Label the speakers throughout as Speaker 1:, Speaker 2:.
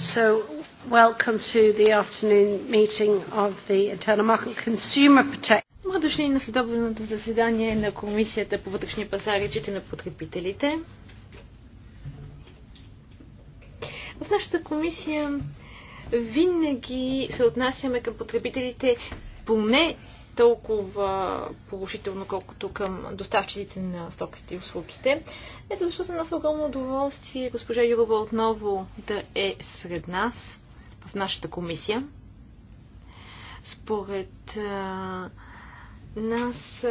Speaker 1: So, welcome to the afternoon meeting of the Internal Market Consumer Protection. Добре дошли на следобедното
Speaker 2: заседание на Комисията по вътрешния пазар и на потребителите. В нашата комисия винаги се отнасяме към потребителите поне толкова положително, колкото към доставчиците на стоките и услугите. Ето защото съм нас огромно удоволствие госпожа Юрова отново да е сред нас в нашата комисия. Според а, нас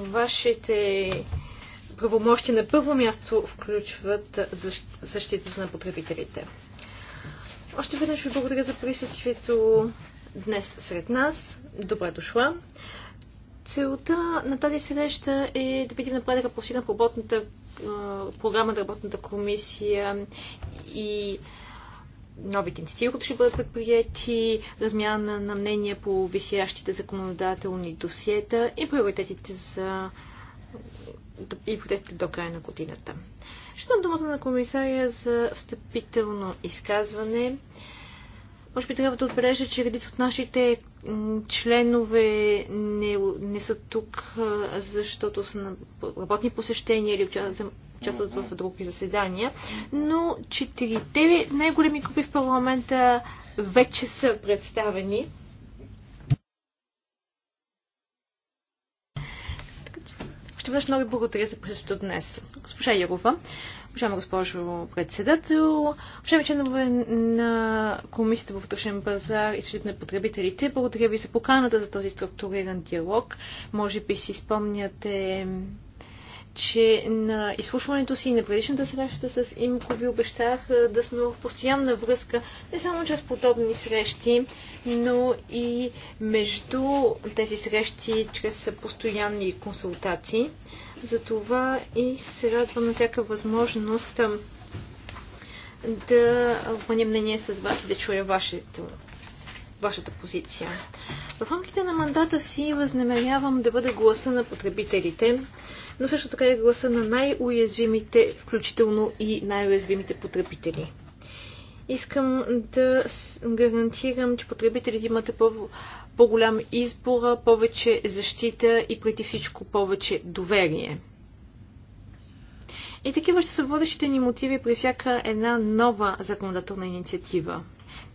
Speaker 2: вашите правомощия на първо място включват защитата на потребителите. Още веднъж ви благодаря за присъствието днес сред нас. Добре дошла. Целта на тази среща е да видим напредъка по силна работната програма на работната комисия и новите инициативи, които ще бъдат предприяти, размяна на мнения по висящите законодателни досиета и приоритетите за и протестите до края на годината. Ще дам думата на комисария за встъпително изказване. Може би трябва да отбележа, че редица от нашите членове не, не са тук, защото са на работни посещения или участват в други заседания, но четирите най-големи групи в парламента вече са представени. Ще бъдеш много благодаря за присъствието днес. Госпожа Ярова, Уважаема госпожо председател, уважаеми членове на Комисията по вътрешен пазар и защита на потребителите, благодаря ви за поканата за този структуриран диалог. Може би си спомняте че на изслушването си и на предишната среща с Имко ви обещах да сме в постоянна връзка, не само чрез подобни срещи, но и между тези срещи чрез постоянни консултации. Затова и се радвам на всяка възможност да обменя мнение с вас и да чуя вашето вашата позиция. В рамките на мандата си възнамерявам да бъда гласа на потребителите, но също така и гласа на най-уязвимите, включително и най-уязвимите потребители. Искам да гарантирам, че потребителите имат по-голям по избор, повече защита и преди всичко повече доверие. И такива ще са водещите ни мотиви при всяка една нова законодателна инициатива.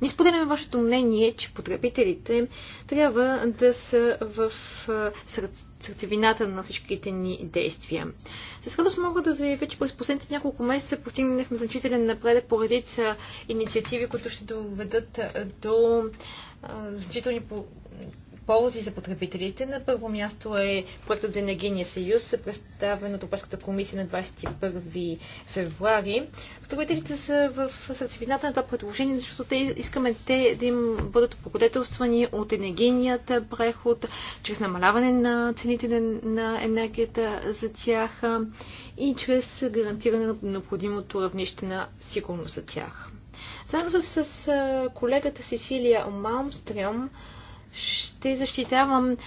Speaker 2: Не споделяме вашето мнение, че потребителите трябва да са в сърцевината на всичките ни действия. Със радост мога да заявя, че през последните няколко месеца постигнахме значителен напредък по редица инициативи, които ще доведат до значителни ползи за потребителите. На първо място е проектът за енергийния съюз, представен от Европейската комисия на 21 февруари. Потребителите са в сърцевината на това предложение, защото те искаме те да им бъдат покодетелствани от енергийният преход, чрез намаляване на цените на енергията за тях и чрез гарантиране на необходимото равнище на сигурност за тях. Заедно с колегата Сесилия Малмстрем, ще защитавам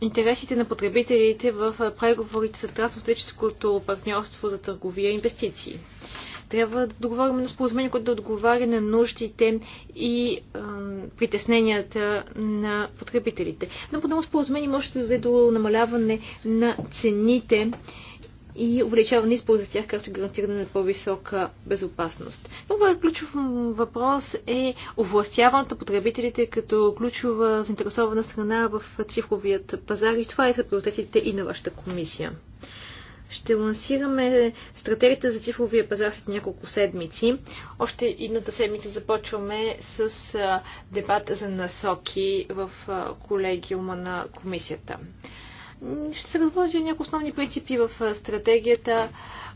Speaker 2: интересите на потребителите в преговорите с трансатлантическото партньорство за търговия и инвестиции. Трябва да договорим на споразумение, което да отговаря на нуждите и е, притесненията на потребителите. Но подобно споразумение може да доведе до намаляване на цените и увеличаване използва за тях, както гарантиране на по-висока безопасност. Много е ключов въпрос е овластяването на потребителите като ключова заинтересована страна в цифровият пазар и това е за приоритетите и на вашата комисия. Ще лансираме стратегията за цифровия пазар след няколко седмици. Още едната седмица започваме с дебат за насоки в колегиума на комисията ще се възможи някои основни принципи в стратегията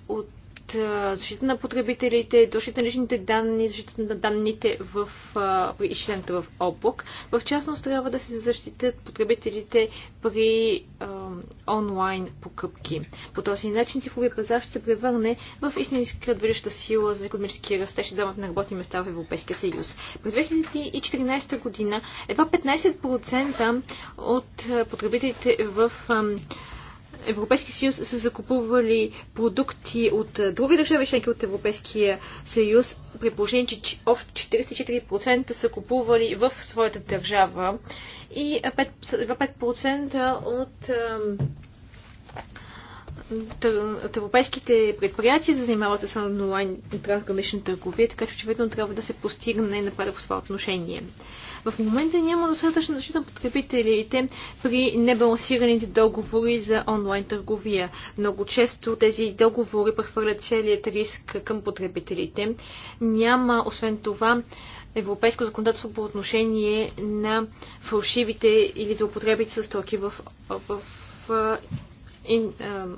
Speaker 2: от от защита на потребителите до защита на личните данни, защита на данните в изчислената в облак. В частност трябва да се защитят потребителите при а, онлайн покупки. По този начин цифровия пазар ще се превърне в истинска движеща сила за економически растеж и замък на работни места в Европейския съюз. През 2014 година едва 15% от потребителите в а, Европейския съюз са закупували продукти от други държави, членки от Европейския съюз, при положение, че общо 44% са купували в своята държава и 5%, от от европейските предприятия се занимават с онлайн трансгранична търговия, така че очевидно трябва да се постигне напред в това отношение. В момента няма достатъчно защита на потребителите при небалансираните договори за онлайн търговия. Много често тези договори прехвърлят целият риск към потребителите. Няма, освен това, европейско законодателство по отношение на фалшивите или злоупотребите с стоки в, в, в в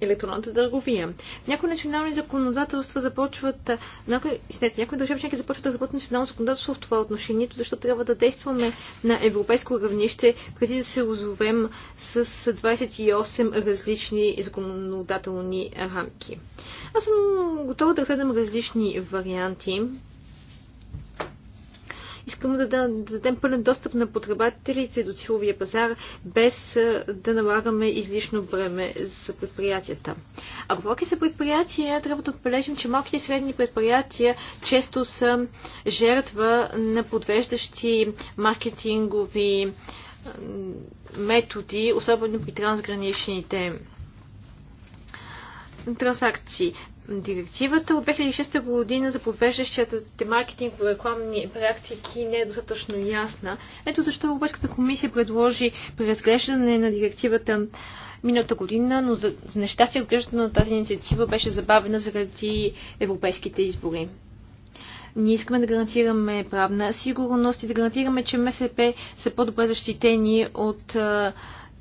Speaker 2: електронната търговия. Някои национални законодателства започват, някои, не, някои държави членки започват да работят национално законодателство в това отношение, защото трябва да действаме на европейско равнище, преди да се озовем с 28 различни законодателни рамки. Аз съм готова да разгледам различни варианти. Искаме да, да, да дадем пълен достъп на потребателите до цифровия пазар, без да налагаме излишно бреме за предприятията. А говорки за предприятия, трябва да отбележим, че малките и средни предприятия често са жертва на подвеждащи маркетингови методи, особено при трансграничните транзакции. Директивата от 2006 година за маркетинг в рекламни практики не е достатъчно ясна. Ето защо Европейската комисия предложи преразглеждане на директивата миналата година, но за, за нещастие разглеждането на тази инициатива беше забавена заради европейските избори. Ние искаме да гарантираме правна сигурност и да гарантираме, че МСП са по-добре защитени от а,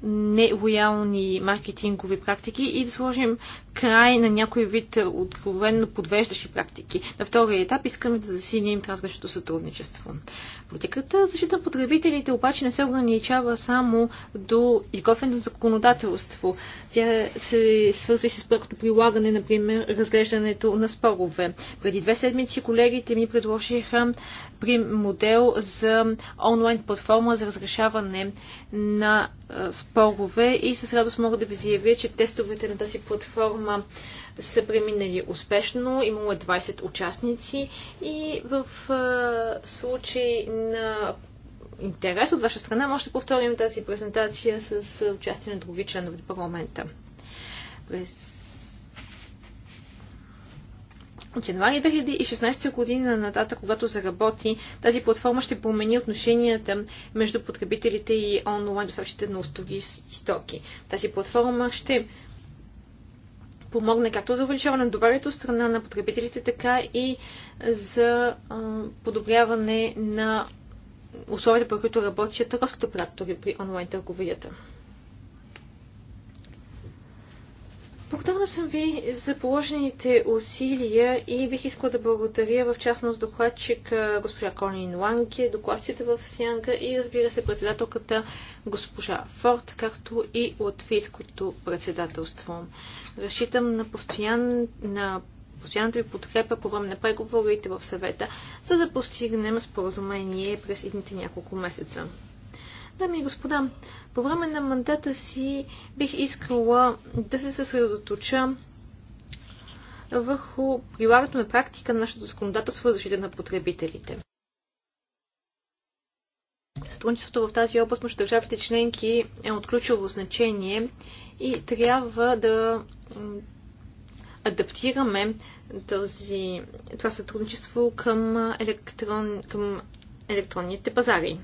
Speaker 2: нелоялни маркетингови практики и да сложим край на някой вид откровенно подвеждащи практики. На втория етап искаме да засилим трансграничното сътрудничество. Политиката защита на потребителите обаче не се ограничава само до изготвяне на законодателство. Тя се свързва и с проектното прилагане, например, разглеждането на спорове. Преди две седмици колегите ми предложиха при модел за онлайн платформа за разрешаване на спорове и с радост мога да ви заявя, че тестовете на тази платформа са преминали успешно. Имало е 20 участници и в случай на интерес от ваша страна може да повторим тази презентация с участие на други членове парламента. През от януари 2016 година дата, когато заработи, тази платформа ще промени отношенията между потребителите и онлайн доставчите на услуги и стоки. Тази платформа ще помогне както за увеличаване на доверието страна на потребителите, така и за подобряване на условията, по които работят търговските оператори при онлайн търговията. Благодарна съм ви за положените усилия и бих искала да благодаря в частност докладчик госпожа Конин Ланке, докладчицата в Сянга и разбира се председателката госпожа Форд, както и латвийското председателство. Разчитам на, постоян, на постоянната ви подкрепа по време на преговорите в съвета, за да постигнем споразумение през едните няколко месеца. Дами и господа, по време на мандата си бих искала да се съсредоточа върху прилагането на практика на нашето законодателство за защита на потребителите. Сътрудничеството в тази област между държавите членки е от ключово значение и трябва да адаптираме този, това сътрудничество към, електрон, към електронните пазари.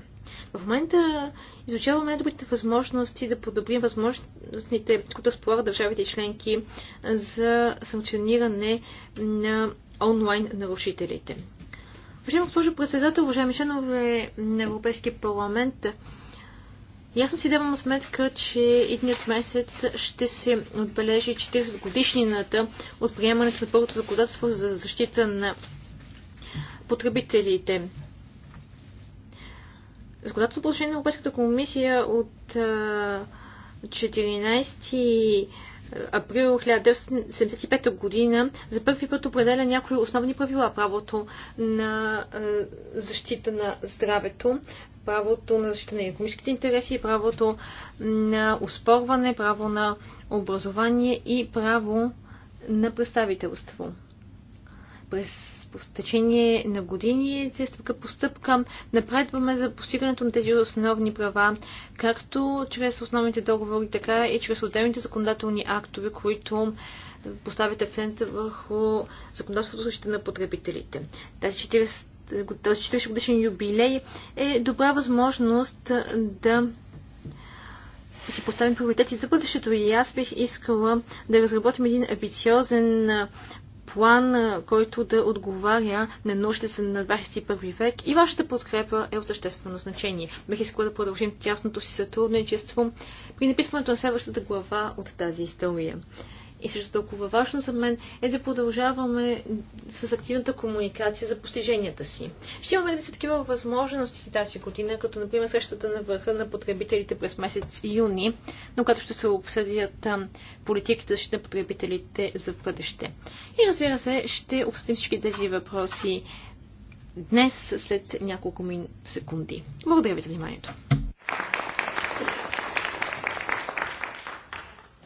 Speaker 2: В момента изучаваме добрите възможности да подобрим възможностите, които разполагат държавите и членки за санкциониране на онлайн нарушителите. Уважаема госпожо председател, уважаеми членове на Европейския парламент, Ясно си давам сметка, че идният месец ще се отбележи 40 годишнината от приемането на първото законодателство за защита на потребителите. Законодателното положение на Европейската комисия от 14 април 1975 година за първи път определя някои основни правила. Правото на защита на здравето, правото на защита на економическите интереси, правото на успорване, право на образование и право на представителство през в течение на години, стъпка по стъпка, напредваме за постигането на тези основни права, както чрез основните договори, така и чрез отделните законодателни актове, които поставят акцент върху законодателството в на потребителите. Тази 40 този 40 годишен юбилей е добра възможност да си поставим приоритети за бъдещето и аз бих искала да разработим един амбициозен план, който да отговаря на нуждите се на 21 век и вашата подкрепа е от съществено значение. Бих искала да продължим тясното си сътрудничество при написването на следващата глава от тази история. И също толкова важно за мен е да продължаваме с активната комуникация за постиженията си. Ще имаме редица такива възможности тази година, като например срещата на върха на потребителите през месец юни, на която ще се обсъдят политиките за защита на потребителите за бъдеще. И разбира се, ще обсъдим всички тези въпроси днес след няколко секунди.
Speaker 1: Благодаря ви за вниманието.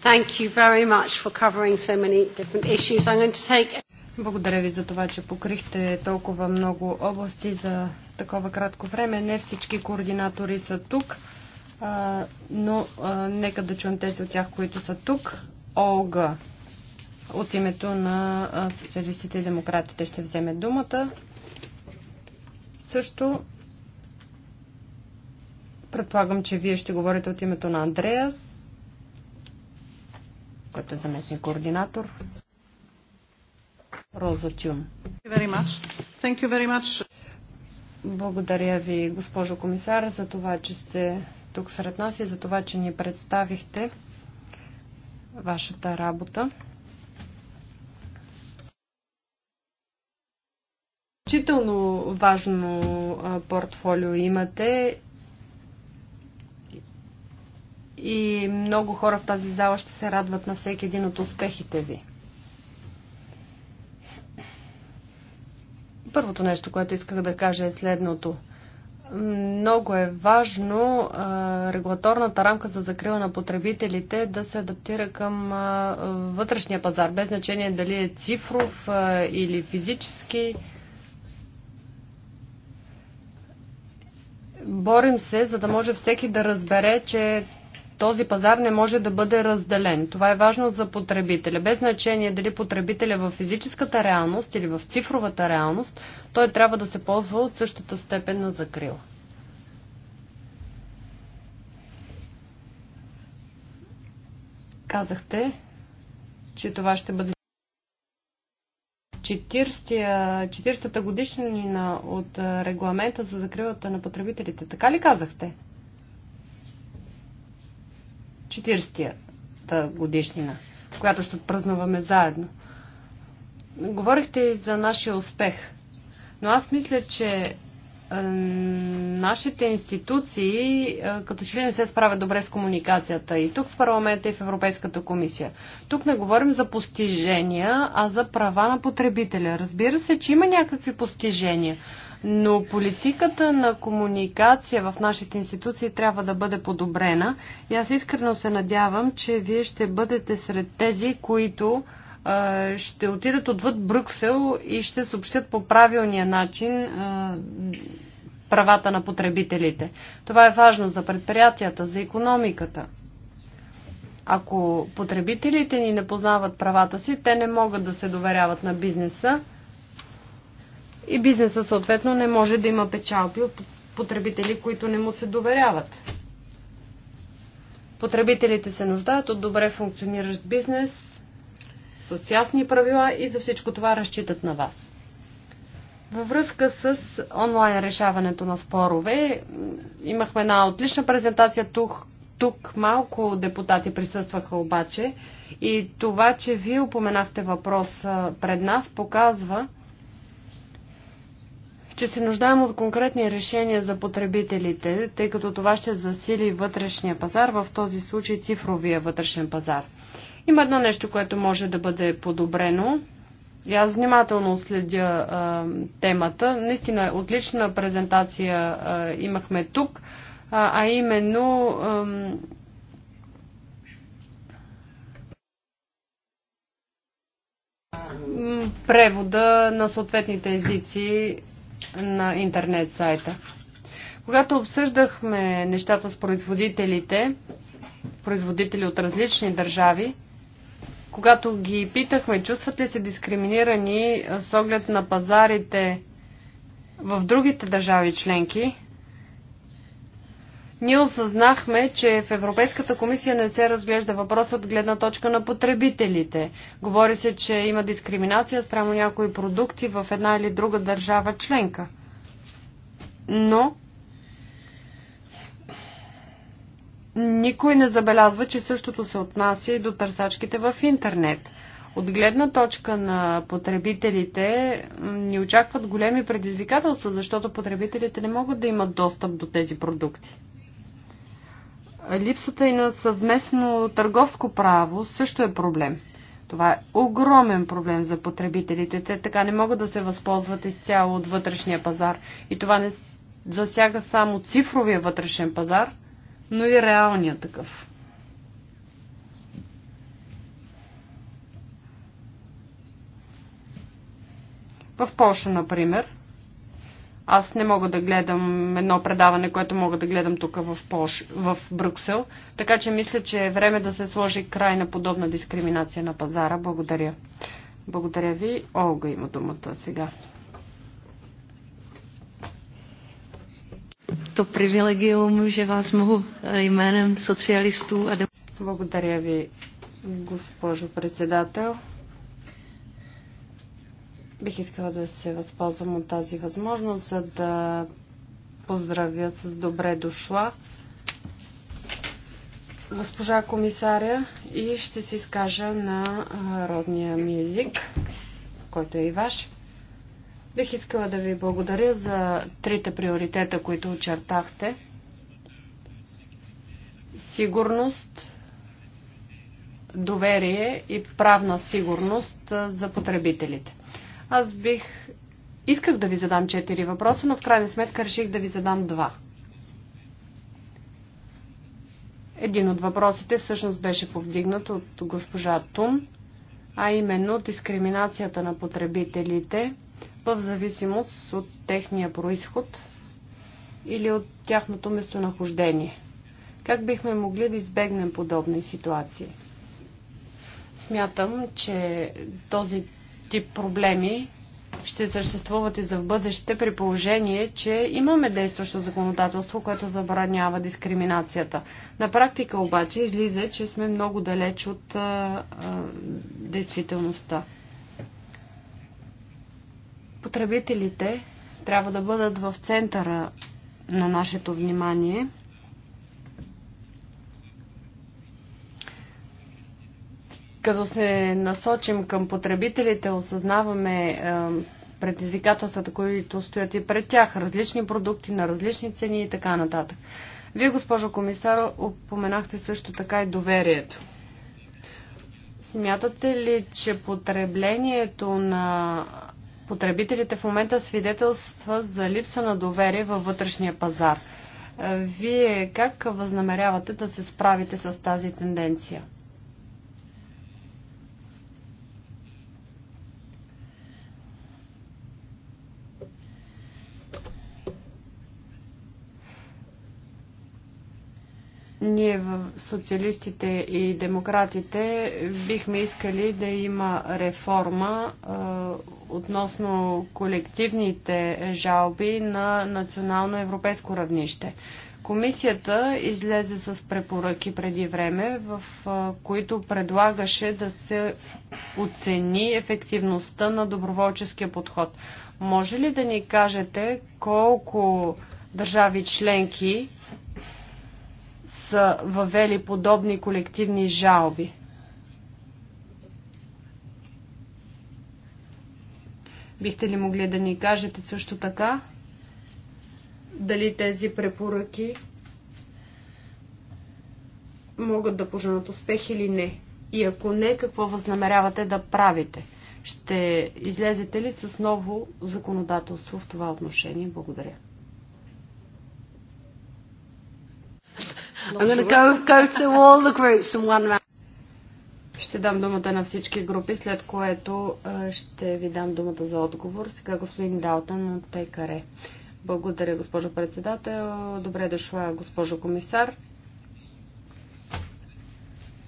Speaker 1: Thank you very much for covering so many different issues. I'm going to take... Благодаря ви за това, че покрихте толкова много области за такова кратко време. Не всички координатори са тук, но нека да чуем тези от тях, които са тук. Олга от името на социалистите и демократите ще вземе думата. Също предполагам, че вие ще говорите от името на Андреас който е заместник координатор. Роза Тюн. Благодаря ви, госпожо комисар, за това, че сте тук сред нас и за това, че ни представихте вашата работа. Изключително важно портфолио имате и много хора в тази зала ще се радват на всеки един от успехите ви. Първото нещо, което исках да кажа е следното. Много е важно регулаторната рамка за закрила на потребителите да се адаптира към вътрешния пазар, без значение дали е цифров или физически. борим се, за да може всеки да разбере, че този пазар не може да бъде разделен. Това е важно за потребителя. Без значение дали потребителя е в физическата реалност или в цифровата реалност, той трябва да се ползва от същата степен на закрила. Казахте, че това ще бъде 40-та годишнина от регламента за закрилата на потребителите. Така ли казахте? 40-та годишнина, която ще празнуваме заедно. Говорихте и за нашия успех, но аз мисля, че е, нашите институции е, като че ли не се справят добре с комуникацията и тук в парламента и в Европейската комисия. Тук не говорим за постижения, а за права на потребителя. Разбира се, че има някакви постижения, но политиката на комуникация в нашите институции трябва да бъде подобрена. И аз искрено се надявам, че вие ще бъдете сред тези, които ще отидат отвъд Брюксел и ще съобщат по правилния начин правата на потребителите. Това е важно за предприятията, за економиката. Ако потребителите ни не познават правата си, те не могат да се доверяват на бизнеса и бизнеса съответно не може да има печалби от потребители, които не му се доверяват. Потребителите се нуждаят от добре функциониращ бизнес с ясни правила и за всичко това разчитат на вас. Във връзка с онлайн решаването на спорове, имахме една отлична презентация тук, тук малко депутати присъстваха обаче и това, че вие упоменахте въпрос пред нас, показва, че се нуждаем от конкретни решения за потребителите, тъй като това ще засили вътрешния пазар, в този случай цифровия вътрешен пазар. Има едно нещо, което може да бъде подобрено. И аз внимателно следя а, темата. Наистина, отлична презентация а, имахме тук, а, а именно. Ам... превода на съответните езици на интернет сайта. Когато обсъждахме нещата с производителите, производители от различни държави, когато ги питахме, чувстват ли се дискриминирани с оглед на пазарите в другите държави членки, ние осъзнахме, че в Европейската комисия не се разглежда въпрос от гледна точка на потребителите. Говори се, че има дискриминация спрямо някои продукти в една или друга държава членка. Но никой не забелязва, че същото се отнася и до търсачките в интернет. От гледна точка на потребителите ни очакват големи предизвикателства, защото потребителите не могат да имат достъп до тези продукти липсата и на съвместно търговско право също е проблем. Това е огромен проблем за потребителите. Те така не могат да се възползват изцяло от вътрешния пазар. И това не засяга само цифровия вътрешен пазар, но и реалния такъв. В Польша, например, аз не мога да гледам едно предаване, което мога да гледам тук в, Пош, в Брюксел. Така че мисля, че е време да се сложи край на подобна дискриминация на пазара. Благодаря. Благодаря ви. Олга има думата сега. То privilegium, че вас мога именем социалисту. Благодаря ви, госпожо председател. Бих искала да се възползвам от тази възможност, за да поздравя с добре дошла госпожа комисаря и ще се изкажа на родния ми език, който е и ваш. Бих искала да ви благодаря за трите приоритета, които очертахте. Сигурност, доверие и правна сигурност за потребителите. Аз бих... Исках да ви задам четири въпроса, но в крайна сметка реших да ви задам два. Един от въпросите всъщност беше повдигнат от госпожа Тун, а именно дискриминацията на потребителите в зависимост от техния происход или от тяхното местонахождение. Как бихме могли да избегнем подобни ситуации? Смятам, че този тип проблеми ще съществуват и за в бъдеще при положение, че имаме действащо законодателство, което забранява дискриминацията. На практика обаче излиза, че сме много далеч от а, а, действителността. Потребителите трябва да бъдат в центъра на нашето внимание – Като се насочим към потребителите, осъзнаваме е, предизвикателствата, които стоят и пред тях, различни продукти на различни цени и така нататък. Вие, госпожо комисар, упоменахте също така и доверието. Смятате ли, че потреблението на потребителите в момента свидетелства за липса на доверие във вътрешния пазар? Е, вие как възнамерявате да се справите с тази тенденция? Ние, в социалистите и демократите, бихме искали да има реформа а, относно колективните жалби на национално европейско равнище. Комисията излезе с препоръки преди време, в които предлагаше да се оцени ефективността на доброволческия подход. Може ли да ни кажете колко държави членки са въвели подобни колективни жалби. Бихте ли могли да ни кажете също така дали тези препоръки могат да поженат успех или не? И ако не, какво възнамерявате да правите? Ще излезете ли с ново законодателство в това отношение? Благодаря. I'm going to go, go through all the groups in one round. Ще дам думата на всички групи, след което ще ви дам думата за отговор. Сега господин Далтън от Тайкаре. Благодаря, госпожо председател. Добре дошла, госпожо комисар.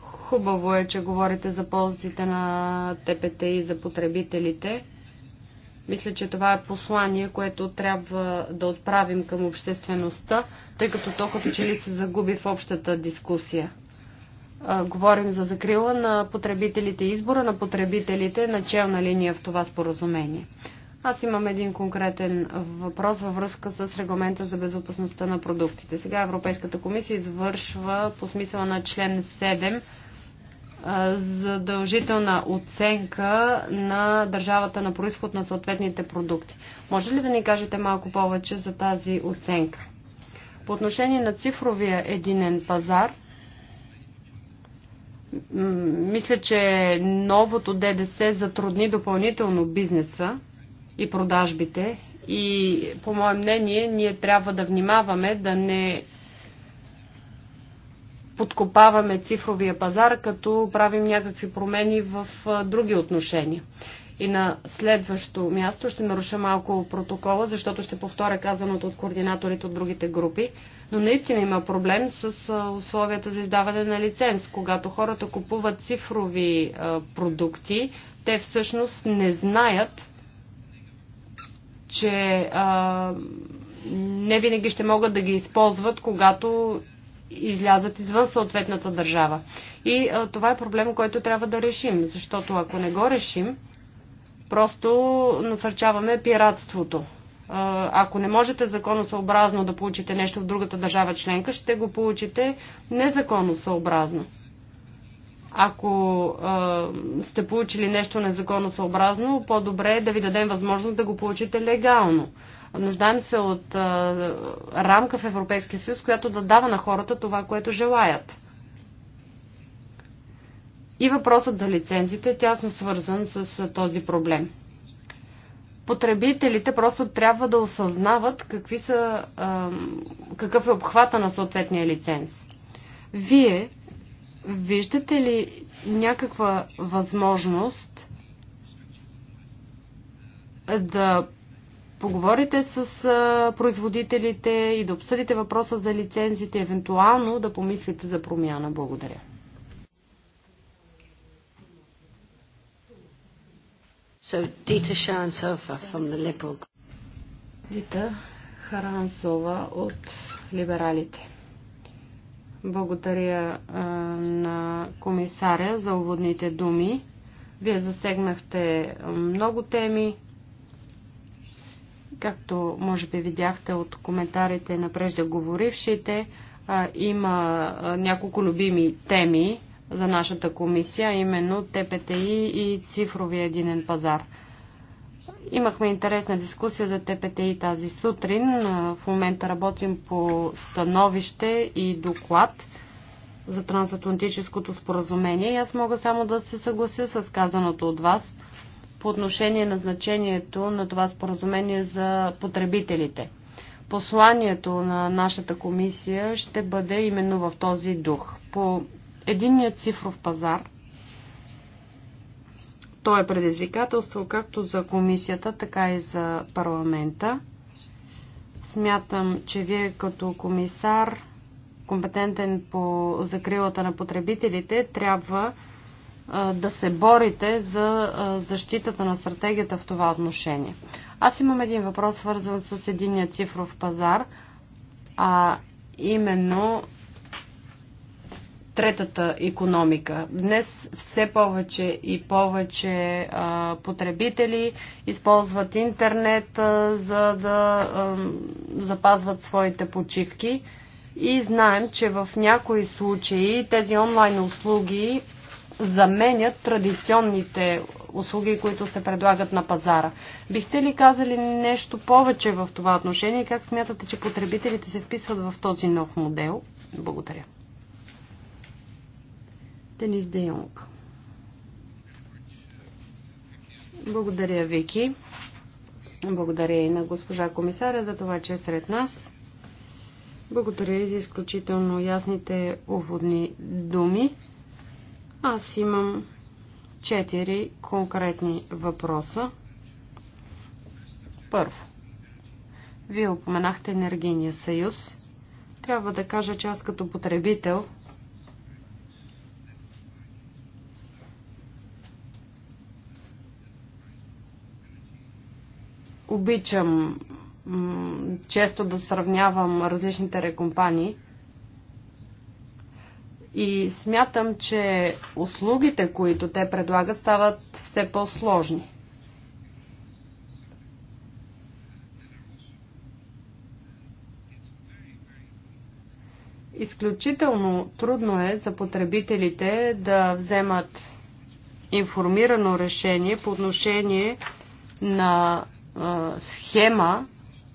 Speaker 1: Хубаво е, че говорите за ползите на ТПТ и за потребителите. Мисля, че това е послание, което трябва да отправим към обществеността, тъй като то като че ли се загуби в общата дискусия. А, говорим за закрила на потребителите избора на потребителите, начална линия в това споразумение. Аз имам един конкретен въпрос във връзка с регламента за безопасността на продуктите. Сега Европейската комисия извършва по смисъла на член 7 задължителна оценка на държавата на происход на съответните продукти. Може ли да ни кажете малко повече за тази оценка? По отношение на цифровия единен пазар, мисля, че новото ДДС затрудни допълнително бизнеса и продажбите и по мое мнение ние трябва да внимаваме да не подкопаваме цифровия пазар, като правим някакви промени в други отношения. И на следващо място ще наруша малко протокола, защото ще повторя казаното от координаторите от другите групи. Но наистина има проблем с условията за издаване на лиценз. Когато хората купуват цифрови продукти, те всъщност не знаят, че не винаги ще могат да ги използват, когато излязат извън съответната държава. И а, това е проблем, който трябва да решим, защото ако не го решим, просто насърчаваме пиратството. Ако не можете законосъобразно да получите нещо в другата държава членка, ще го получите незаконосъобразно. Ако а, сте получили нещо незаконосъобразно, по-добре е да ви дадем възможност да го получите легално. Нуждаем се от а, рамка в Европейския съюз, която да дава на хората това, което желаят. И въпросът за лицензите е тясно свързан с този проблем. Потребителите просто трябва да осъзнават какви са, а, какъв е обхвата на съответния лиценз. Вие виждате ли някаква възможност да поговорите с производителите и да обсъдите въпроса за лицензите, евентуално да помислите за промяна. Благодаря. So, Dita Sharansova from the Liberal Дита Харансова от Либералите. Благодаря а, на комисаря за уводните думи. Вие засегнахте много теми. Както може би видяхте от коментарите на преждеговорившите, има няколко любими теми за нашата комисия, именно ТПТИ и цифровия единен пазар. Имахме интересна дискусия за ТПТИ тази сутрин. В момента работим по становище и доклад за трансатлантическото споразумение и аз мога само да се съглася с казаното от вас – по отношение на значението на това споразумение за потребителите. Посланието на нашата комисия ще бъде именно в този дух. По единният цифров пазар, то е предизвикателство както за комисията, така и за парламента. Смятам, че вие като комисар, компетентен по закрилата на потребителите, трябва да се борите за защитата на стратегията в това отношение. Аз имам един въпрос, свързан с единия цифров пазар, а именно третата економика. Днес все повече и повече потребители използват интернет, за да запазват своите почивки. И знаем, че в някои случаи тези онлайн услуги заменят традиционните услуги, които се предлагат на пазара. Бихте ли казали нещо повече в това отношение и как смятате, че потребителите се вписват в този нов модел? Благодаря. Денис Де Йонг. Благодаря, Вики. Благодаря и на госпожа комисаря за това, че е сред нас. Благодаря и за изключително ясните уводни думи. Аз имам четири конкретни въпроса. Първо, вие упоменахте енергийния съюз. Трябва да кажа, че аз като потребител обичам често да сравнявам различните рекомпании. И смятам, че услугите, които те предлагат, стават все по-сложни. Изключително трудно е за потребителите да вземат информирано решение по отношение на схема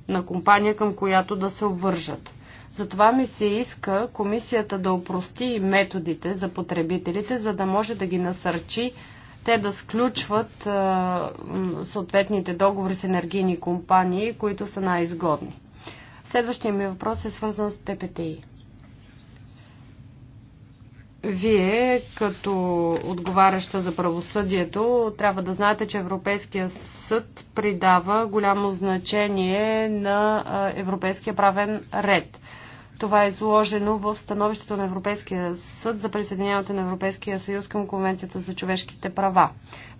Speaker 1: на компания, към която да се обвържат. Затова ми се иска комисията да опрости методите за потребителите, за да може да ги насърчи те да сключват съответните договори с енергийни компании, които са най-изгодни. Следващия ми въпрос е свързан с ТПТИ. Вие, като отговаряща за правосъдието, трябва да знаете, че Европейския съд придава голямо значение на европейския правен ред – това е изложено в становището на Европейския съд за присъединяването на Европейския съюз към Конвенцията за човешките права.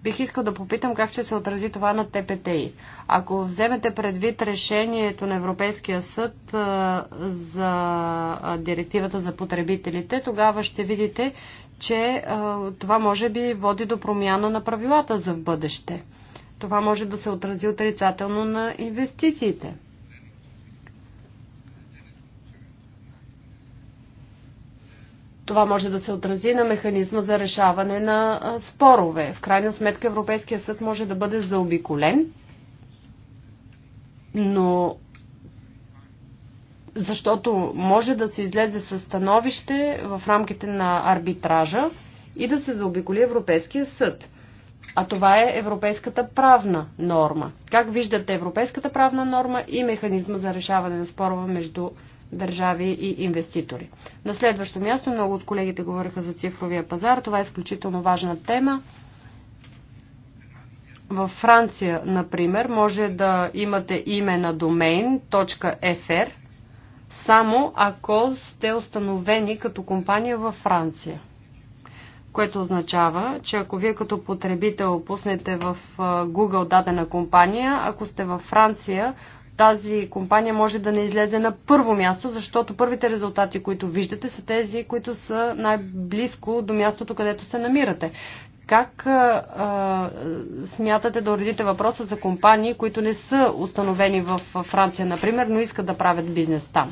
Speaker 1: Бих искал да попитам как ще се отрази това на ТПТИ. Ако вземете предвид решението на Европейския съд за директивата за потребителите, тогава ще видите, че това може би води до промяна на правилата за в бъдеще. Това може да се отрази отрицателно на инвестициите. това може да се отрази на механизма за решаване на спорове. В крайна сметка Европейския съд може да бъде заобиколен, но защото може да се излезе със становище в рамките на арбитража и да се заобиколи Европейския съд. А това е европейската правна норма. Как виждате европейската правна норма и механизма за решаване на спорове между държави и инвеститори. На следващо място, много от колегите говориха за цифровия пазар. Това е изключително важна тема. Във Франция, например, може да имате име на домейн .fr, само ако сте установени като компания във Франция. Което означава, че ако вие като потребител пуснете в Google дадена компания, ако сте във Франция, тази компания може да не излезе на първо място, защото първите резултати, които виждате, са тези, които са най-близко до мястото, където се намирате. Как а, а, смятате да уредите въпроса за компании, които не са установени в Франция, например, но искат да правят бизнес там?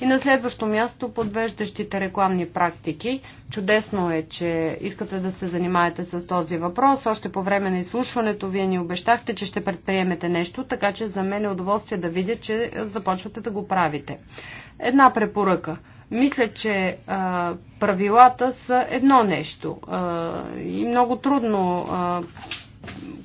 Speaker 1: И на следващо място подвеждащите рекламни практики. Чудесно е, че искате да се занимаете с този въпрос. Още по време на изслушването вие ни обещахте, че ще предприемете нещо, така че за мен е удоволствие да видя, че започвате да го правите. Една препоръка мисля, че а, правилата са едно нещо а, и много трудно а,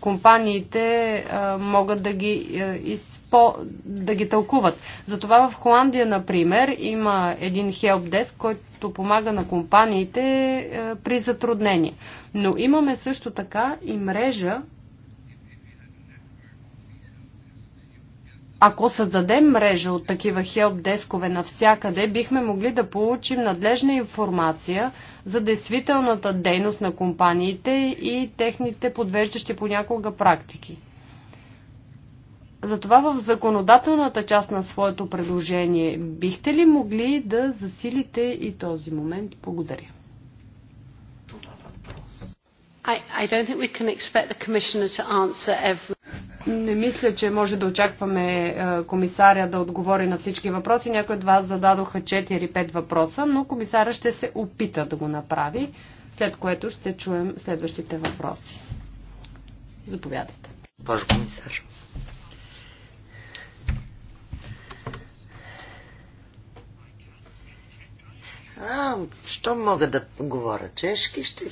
Speaker 1: компаниите а, могат да ги, а, изпо, да ги тълкуват. Затова в Холандия, например, има един Деск, който помага на компаниите а, при затруднение. Но имаме също така и мрежа Ако създадем мрежа от такива хелп дескове навсякъде, бихме могли да получим надлежна информация за действителната дейност на компаниите и техните подвеждащи понякога практики. Затова в законодателната част на своето предложение бихте ли могли да засилите и този момент? Благодаря. I, I don't think we can expect the Commissioner to answer every не мисля, че може да очакваме е, комисаря да отговори на всички въпроси. Някои от вас зададоха 4-5 въпроса, но комисаря ще се опита да го направи, след което ще чуем следващите въпроси. Заповядайте.
Speaker 3: Божо комисар. А, що мога да говоря чешки, ще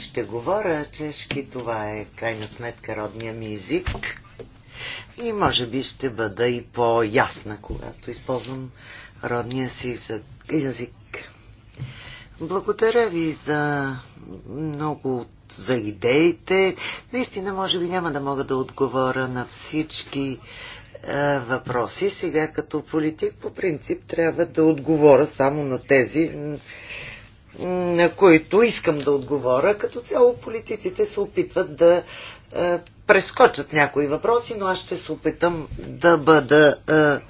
Speaker 3: ще говоря чешки, това е крайна сметка родния ми език. И може би ще бъда и по-ясна, когато използвам родния си език. Благодаря ви за много за идеите. Наистина, може би няма да мога да отговоря на всички е, въпроси. Сега като политик, по принцип, трябва да отговоря само на тези, на които искам да отговоря. Като цяло политиците се опитват да е, прескочат някои въпроси, но аз ще се опитам да бъда е,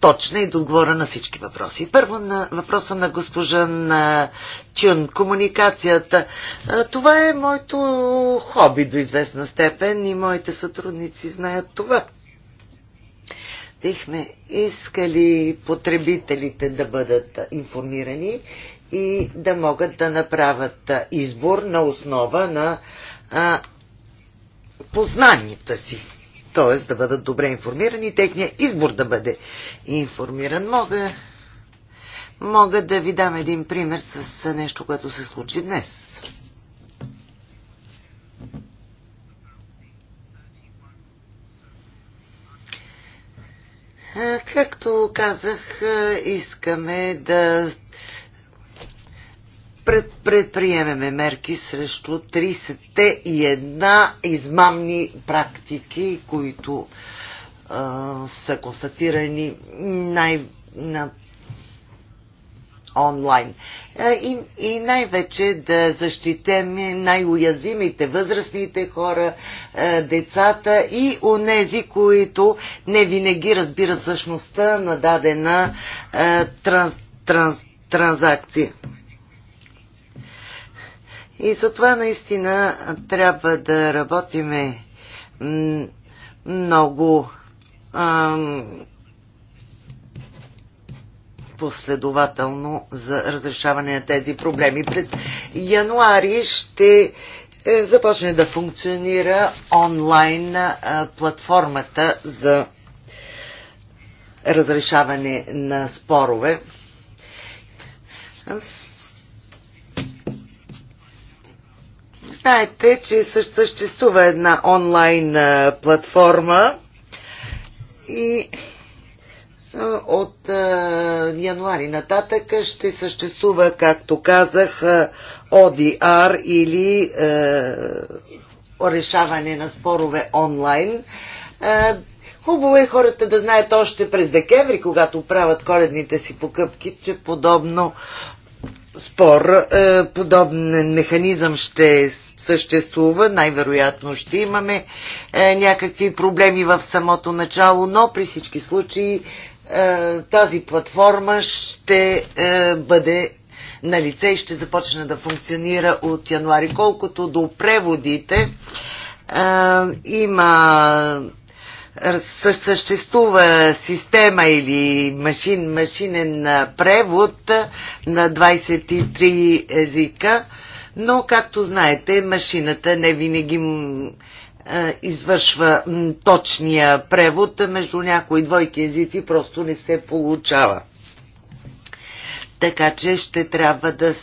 Speaker 3: точна и да отговоря на всички въпроси. Първо на въпроса на госпожа на Чун, комуникацията. Е, това е моето хоби до известна степен и моите сътрудници знаят това. Бихме искали потребителите да бъдат информирани и да могат да направят избор на основа на а, познанията си. Т.е. да бъдат добре информирани, техният избор да бъде информиран. Мога, мога да ви дам един пример с нещо, което се случи днес. Както казах, искаме да пред, предприемеме мерки срещу 31 измамни практики, които а, са констатирани най- на онлайн. И, и най-вече да защитем най-уязвимите, възрастните хора, децата и онези, които не винаги разбират същността на дадена транс, транс, транзакция. И затова наистина трябва да работиме много ам, последователно за разрешаване на тези проблеми. През януари ще е, започне да функционира онлайн платформата за разрешаване на спорове. Знаете, че съществува една онлайн платформа и от януари нататък ще съществува, както казах, ODR или решаване на спорове онлайн. Хубаво е хората да знаят още през декември, когато правят коледните си покъпки, че подобно спор, е, подобен механизъм ще съществува, най-вероятно ще имаме е, някакви проблеми в самото начало, но при всички случаи е, тази платформа ще бъде на лице и ще започне да функционира от януари. Колкото до преводите, има съществува система или машин, машинен превод на 23 езика, но, както знаете, машината не винаги извършва точния превод между някои двойки езици, просто не се получава. Така че ще трябва да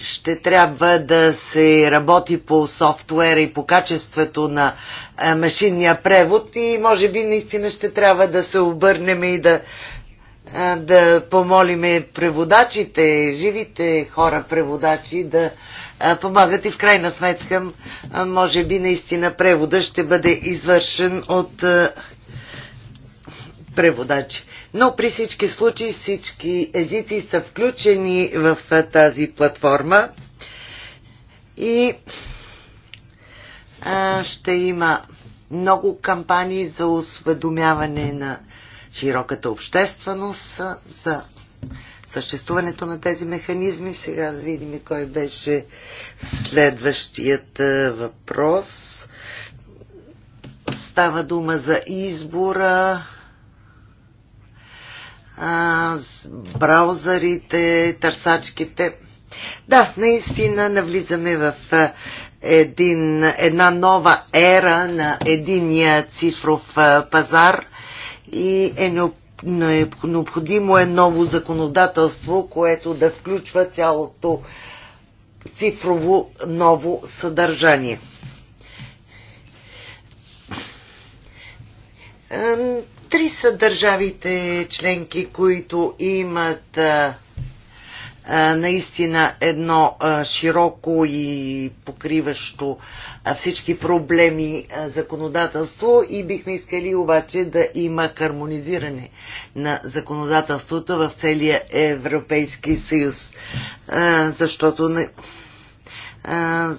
Speaker 3: ще трябва да се работи по софтуера и по качеството на е, машинния превод и може би наистина ще трябва да се обърнем и да, е, да помолиме преводачите, живите хора преводачи да е, помагат и в крайна сметка може би наистина превода ще бъде извършен от преводачи. Но при всички случаи всички езици са включени в тази платформа и ще има много кампании за осведомяване на широката общественост за съществуването на тези механизми. Сега да видим кой беше следващият въпрос. Става дума за избора браузърите, търсачките. Да, наистина навлизаме в един, една нова ера на единия цифров пазар и е необходимо е ново законодателство, което да включва цялото цифрово ново съдържание. Три са държавите членки, които имат а, а, наистина едно а, широко и покриващо а, всички проблеми а, законодателство и бихме искали обаче да има хармонизиране на законодателството в целия Европейски съюз. А, защото не, а,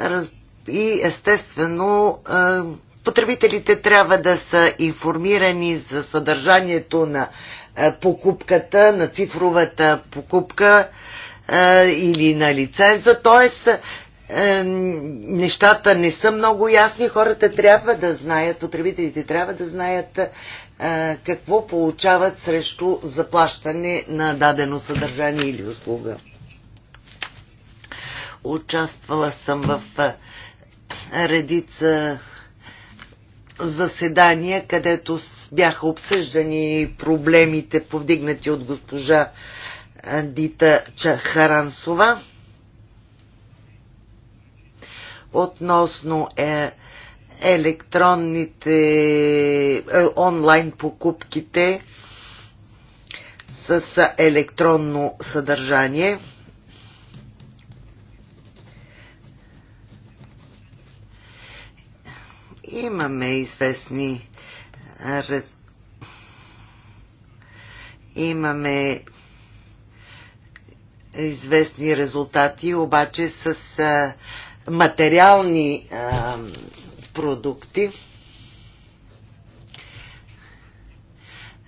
Speaker 3: раз, и естествено а, Потребителите трябва да са информирани за съдържанието на е, покупката, на цифровата покупка е, или на лиценза. Т.е. нещата не са много ясни. Хората трябва да знаят, потребителите трябва да знаят е, какво получават срещу заплащане на дадено съдържание или услуга. Участвала съм в редица заседание, където бяха обсъждани проблемите, повдигнати от госпожа Дита Чахарансова относно е, електронните е, онлайн покупките с електронно съдържание – имаме известни раз... имаме известни резултати, обаче с а, материални а, продукти.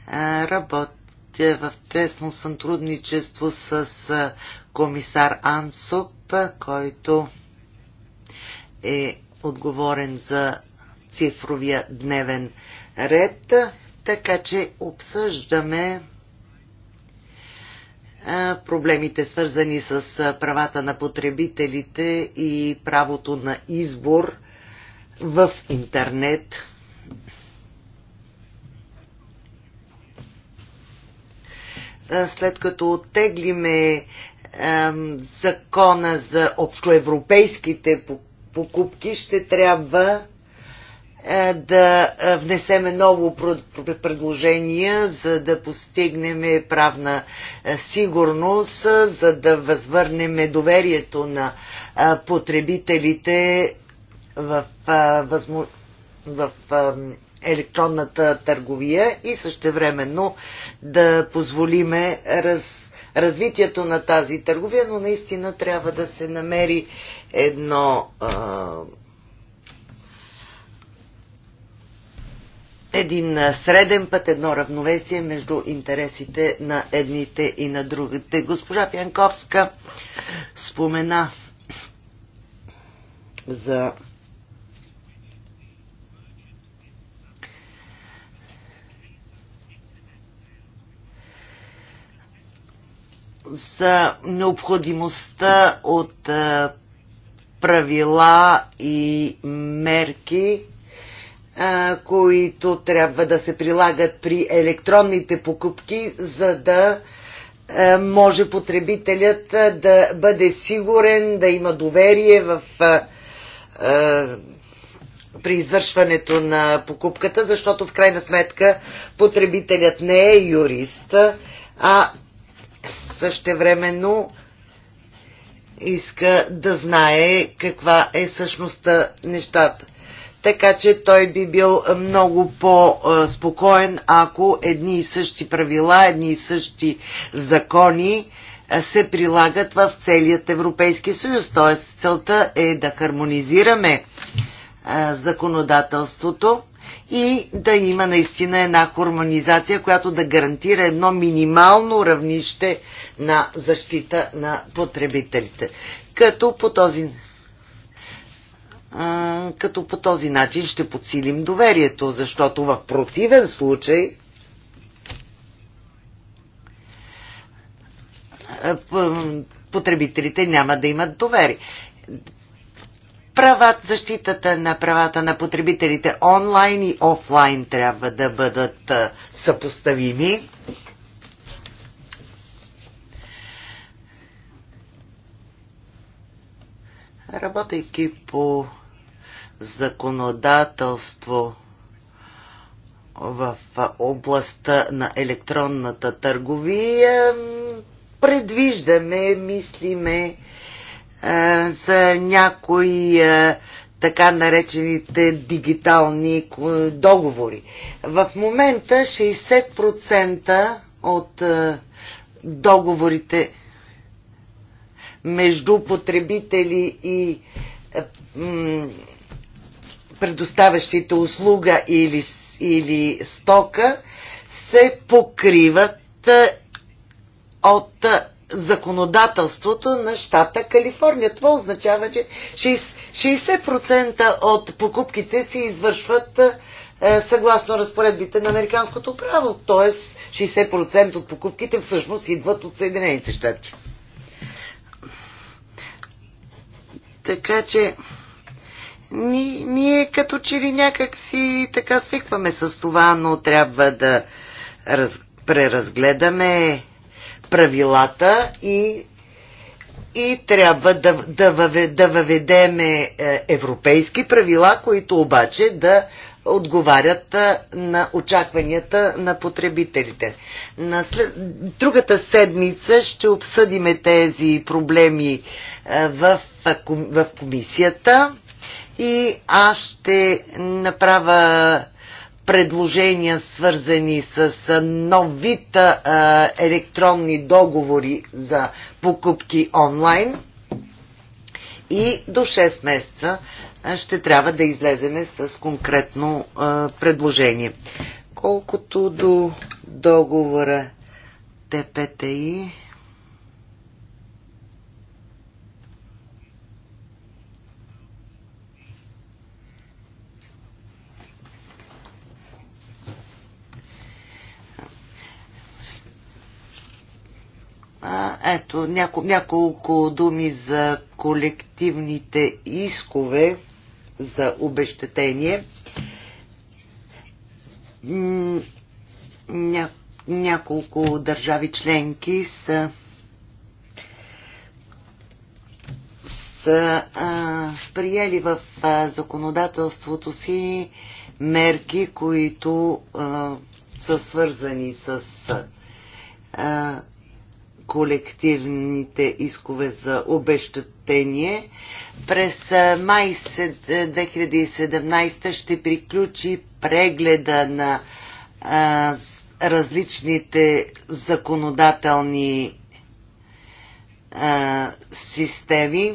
Speaker 3: А, работя в тесно сътрудничество с а, комисар Ансоп, който е отговорен за цифровия дневен ред, така че обсъждаме проблемите свързани с правата на потребителите и правото на избор в интернет. След като оттеглиме закона за общоевропейските покупки, ще трябва е, да е, внесеме ново предложение, за да постигнем правна е, сигурност, за да възвърнем доверието на потребителите в, в електронната търговия и същевременно да позволиме раз... развитието на тази търговия, но наистина трябва да се намери едно един среден път, едно равновесие между интересите на едните и на другите. Госпожа Пянковска спомена за за необходимостта от правила и мерки а, които трябва да се прилагат при електронните покупки, за да а, може потребителят а, да бъде сигурен, да има доверие в, а, а, при извършването на покупката, защото в крайна сметка потребителят не е юрист, а същевременно иска да знае каква е същността нещата така че той би бил е, много по-спокоен, ако едни и същи правила, едни и същи закони е, се прилагат в целият Европейски съюз. Т.е. целта е да хармонизираме е, законодателството и да има наистина една хармонизация, която да гарантира едно минимално равнище на защита на потребителите. Като по този като по този начин ще подсилим доверието, защото в противен случай потребителите няма да имат доверие. Прават, защитата на правата на потребителите онлайн и офлайн трябва да бъдат съпоставими. Работейки по законодателство в областта на електронната търговия предвиждаме, мислиме е, за някои е, така наречените дигитални договори. В момента 60% от е, договорите между потребители и предоставящите услуга или, или стока се покриват е, от е, законодателството на щата Калифорния. Това означава, че 60% от покупките се извършват е, съгласно разпоредбите на американското право. Т.е. 60% от покупките всъщност идват от Съединените щати. Така че ни, ние като че ли някак си така свикваме с това, но трябва да раз, преразгледаме правилата и, и трябва да, да, въве, да въведеме е, европейски правила, които обаче да отговарят е, на очакванията на потребителите. На след... Другата седмица ще обсъдиме тези проблеми е, в, в комисията и аз ще направя предложения, свързани с нов вид електронни договори за покупки онлайн. И до 6 месеца ще трябва да излеземе с конкретно предложение. Колкото до договора ТПТИ, ето, няко, няколко думи за колективните искове за обещетение. Ня, няколко държави членки са са а, приели в а, законодателството си мерки, които а, са свързани с а, колективните искове за обещатение. През май 2017 ще приключи прегледа на а, различните законодателни а, системи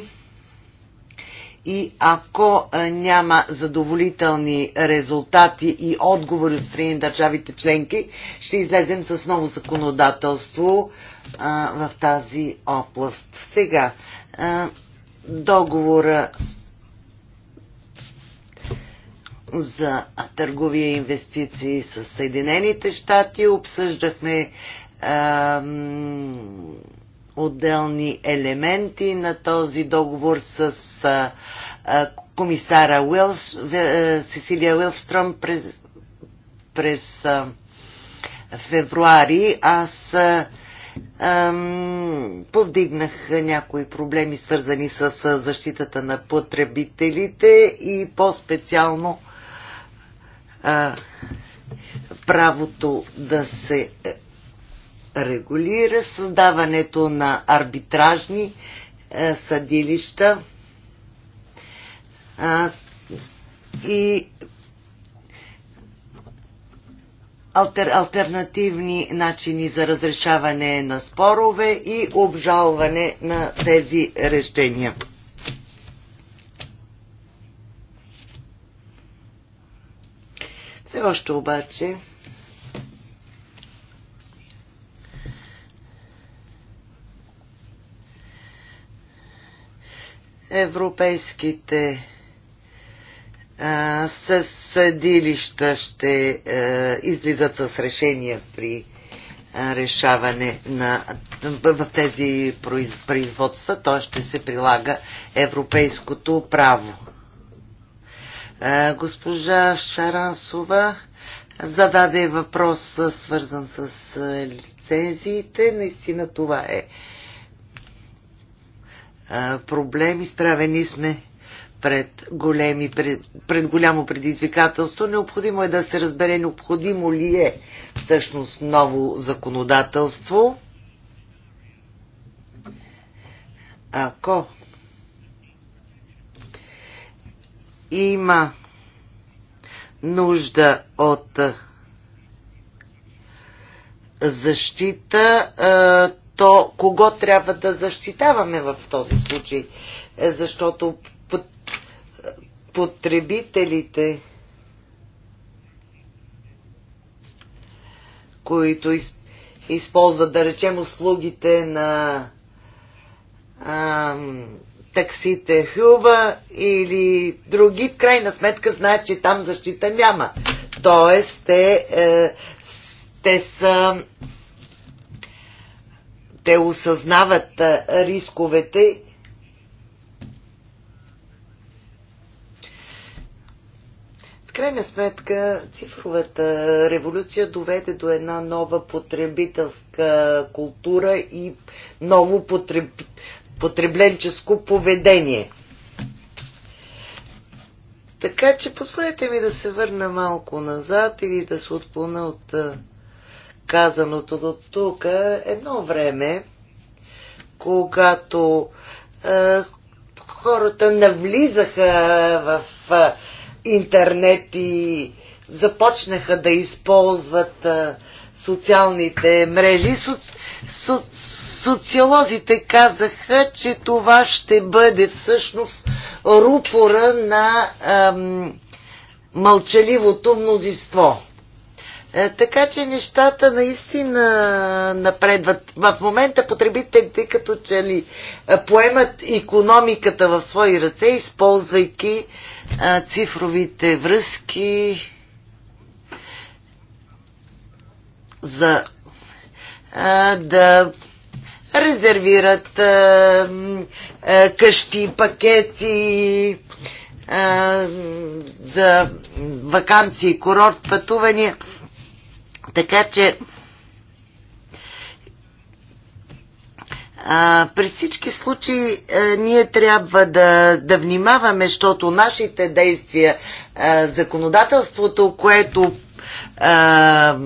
Speaker 3: и ако е, няма задоволителни резултати и отговори от страни на държавите членки, ще излезем с ново законодателство а, е, в тази област. Сега, а, е, договора за търговия и инвестиции с Съединените щати обсъждахме а, отделни елементи на този договор с комисара Уилс, Сесилия Уилстром през, през февруари. Аз повдигнах някои проблеми, свързани с защитата на потребителите и по-специално правото да се регулира създаването на арбитражни е, съдилища а, и алтер, альтернативни начини за разрешаване на спорове и обжалване на тези решения. Все още обаче европейските с съдилища ще а, излизат с решения при решаване на, в тези производства, то ще се прилага европейското право. А, госпожа Шарансова зададе въпрос, свързан с лицензиите. Наистина това е проблем. Изправени сме пред, големи, пред, пред голямо предизвикателство. Необходимо е да се разбере необходимо ли е всъщност ново законодателство. Ако има нужда от защита, то кого трябва да защитаваме в този случай? Е, защото потребителите, които из, използват, да речем, услугите на ам, таксите Хюва или други, в крайна сметка знаят, че там защита няма. Тоест, те, е, те са те осъзнават рисковете В крайна сметка цифровата революция доведе до една нова потребителска култура и ново потреб... потребленческо поведение. Така че позволете ми да се върна малко назад или да се отклона от казаното до тук, едно време, когато е, хората навлизаха в е, интернет и започнаха да използват е, социалните мрежи, Со, со, социолозите казаха, че това ще бъде всъщност рупора на е, мълчаливото мнозинство. Е, така че нещата наистина напредват. В момента потребителите като че ли е, поемат економиката в свои ръце, използвайки е, цифровите връзки за да резервират къщи, пакети, за вакансии, курорт, пътувания. Така че А, при всички случаи а, ние трябва да, да внимаваме, защото нашите действия, а, законодателството, което а,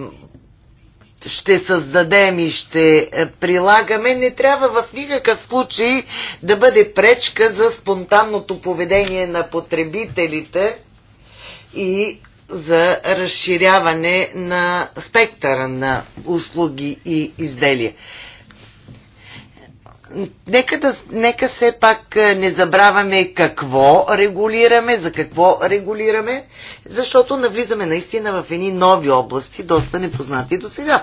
Speaker 3: ще създадем и ще прилагаме, не трябва в никакъв случай да бъде пречка за спонтанното поведение на потребителите и за разширяване на спектъра на услуги и изделия. Нека, да, нека все пак е, не забравяме какво регулираме, за какво регулираме, защото навлизаме наистина в едни нови области, доста непознати до сега.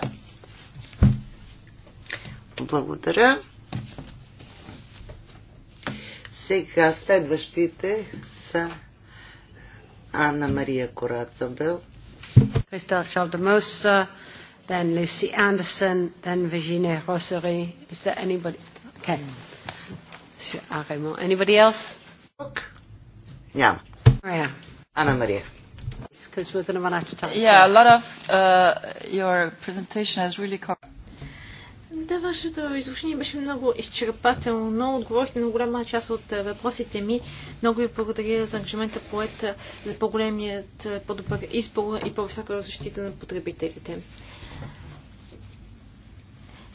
Speaker 3: Благодаря. Сега следващите са Анна Мария Корацабел.
Speaker 1: Christophe Chaldemosa, then Lucy Anderson, then Virginie Rosary. Is there anybody? Okay. Monsieur Arremont. Anybody else? Look.
Speaker 3: Yeah. Maria. Anna Maria.
Speaker 1: Because we're going to run out of time. Yeah, so. a lot of uh, your presentation has really covered.
Speaker 2: Да, вашето изложение беше много изчерпателно. но Отговорихте на голяма част от е, въпросите ми. Много ви благодаря за ангажимента поет е, за по-големият, е, по-добър избор и по-висока защита на потребителите.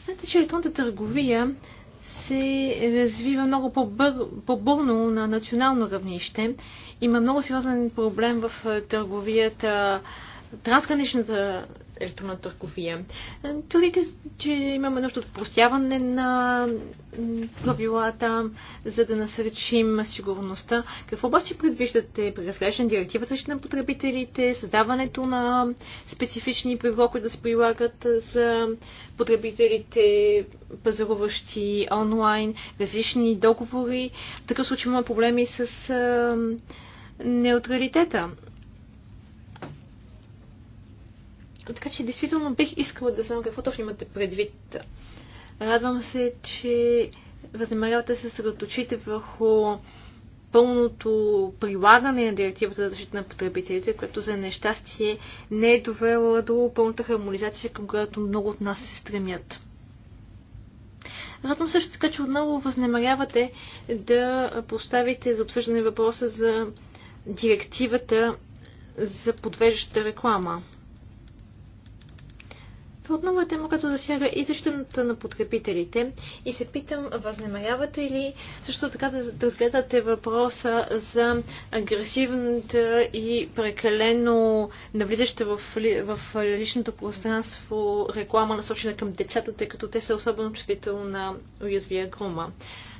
Speaker 2: Знаете, че електронната търговия се развива много по-бурно на национално равнище. Има много сериозен проблем в търговията трансграничната електронна търговия. Чудите, е, че имаме нужда от простяване на правилата, за да насърчим сигурността. Какво обаче предвиждате при разглеждане директивата на потребителите, създаването на специфични правила, които да се прилагат за потребителите, пазаруващи онлайн, различни договори? В такъв случай има проблеми с неутралитета Така че действително бих искала да знам какво точно имате предвид. Радвам се, че възнамерявате да се съсредоточите върху пълното прилагане на директивата за защита на потребителите, което за нещастие не е довела до пълната хармонизация, към която много от нас се стремят. Радвам също така, че отново възнамерявате да поставите за обсъждане въпроса за директивата за подвеждаща реклама. Това отново е тема, като засяга и защитата на потребителите. И се питам, възнемарявате ли също така да, да разгледате въпроса за агресивната и прекалено навлизаща в, в личното пространство реклама, насочена към децата, тъй като те са особено на уязвия грума.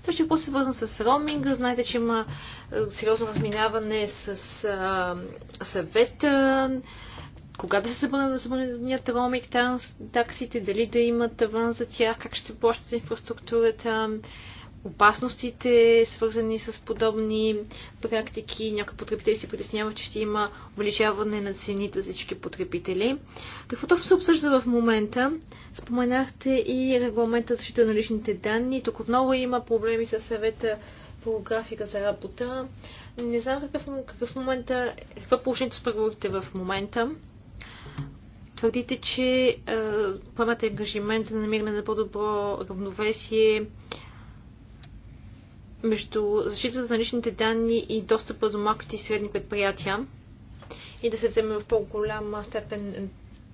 Speaker 2: Също въпрос е свързан с роуминга. Знаете, че има сериозно разминаване с а, съвета кога да се забранят роуминг таксите, дали да имат таван за тях, как ще се плащат за инфраструктурата, опасностите, свързани с подобни практики. Някои потребители се притесняват, че ще има увеличаване на цените за всички потребители. Какво точно се обсъжда в момента? Споменахте и регламента за защита на личните данни. Тук отново има проблеми с съвета по графика за работа. Не знам какъв, какъв момента, какво е положението с преговорите в момента твърдите, че е, поемате ангажимент за да намиране на по-добро равновесие между защитата на личните данни и достъпа до малките и средни предприятия и да се вземе в по-голяма степен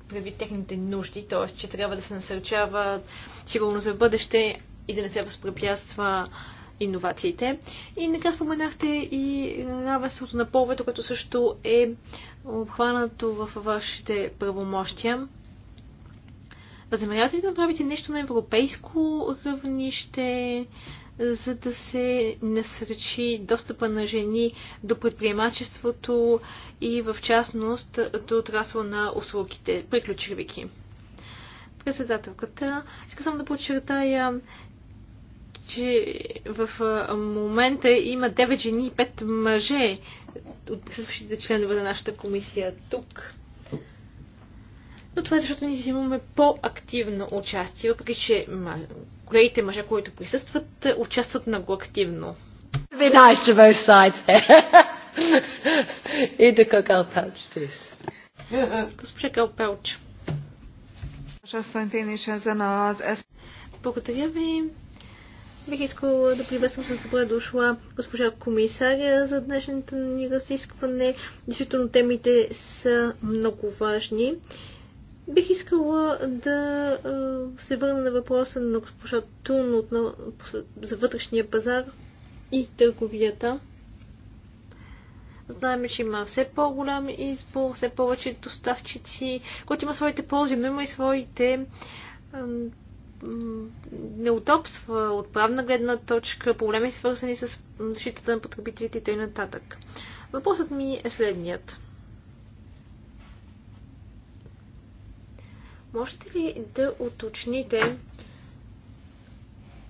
Speaker 2: предвид техните нужди, т.е. че трябва да се насърчава сигурно за бъдеще и да не се възпрепятства иновациите. И нека споменахте и равенството на половето, което също е обхванато в вашите правомощия. Възнамерявате ли да направите нещо на европейско равнище, за да се насръчи достъпа на жени до предприемачеството и в частност до отрасла на услугите? приключивайки председателката. Искам само да подчертая че в момента има 9 жени и 5 мъже от присъстващите членове на нашата комисия тук. Но това е защото ние взимаме по-активно участие, въпреки че колегите мъже, които присъстват, участват много активно. Госпожа Калпелч. Благодаря ви. Бих искала да приветствам с добре дошла госпожа комисаря за днешното ни разискване. Действително темите са много важни. Бих искала да се върна на въпроса на госпожа Тун отново, за вътрешния пазар и търговията. Знаем, че има все по-голям избор, все повече доставчици, които има своите ползи, но има и своите Неудобства от правна гледна точка, проблеми свързани с защитата на потребителите и т.н. Въпросът ми е следният. Можете ли да уточните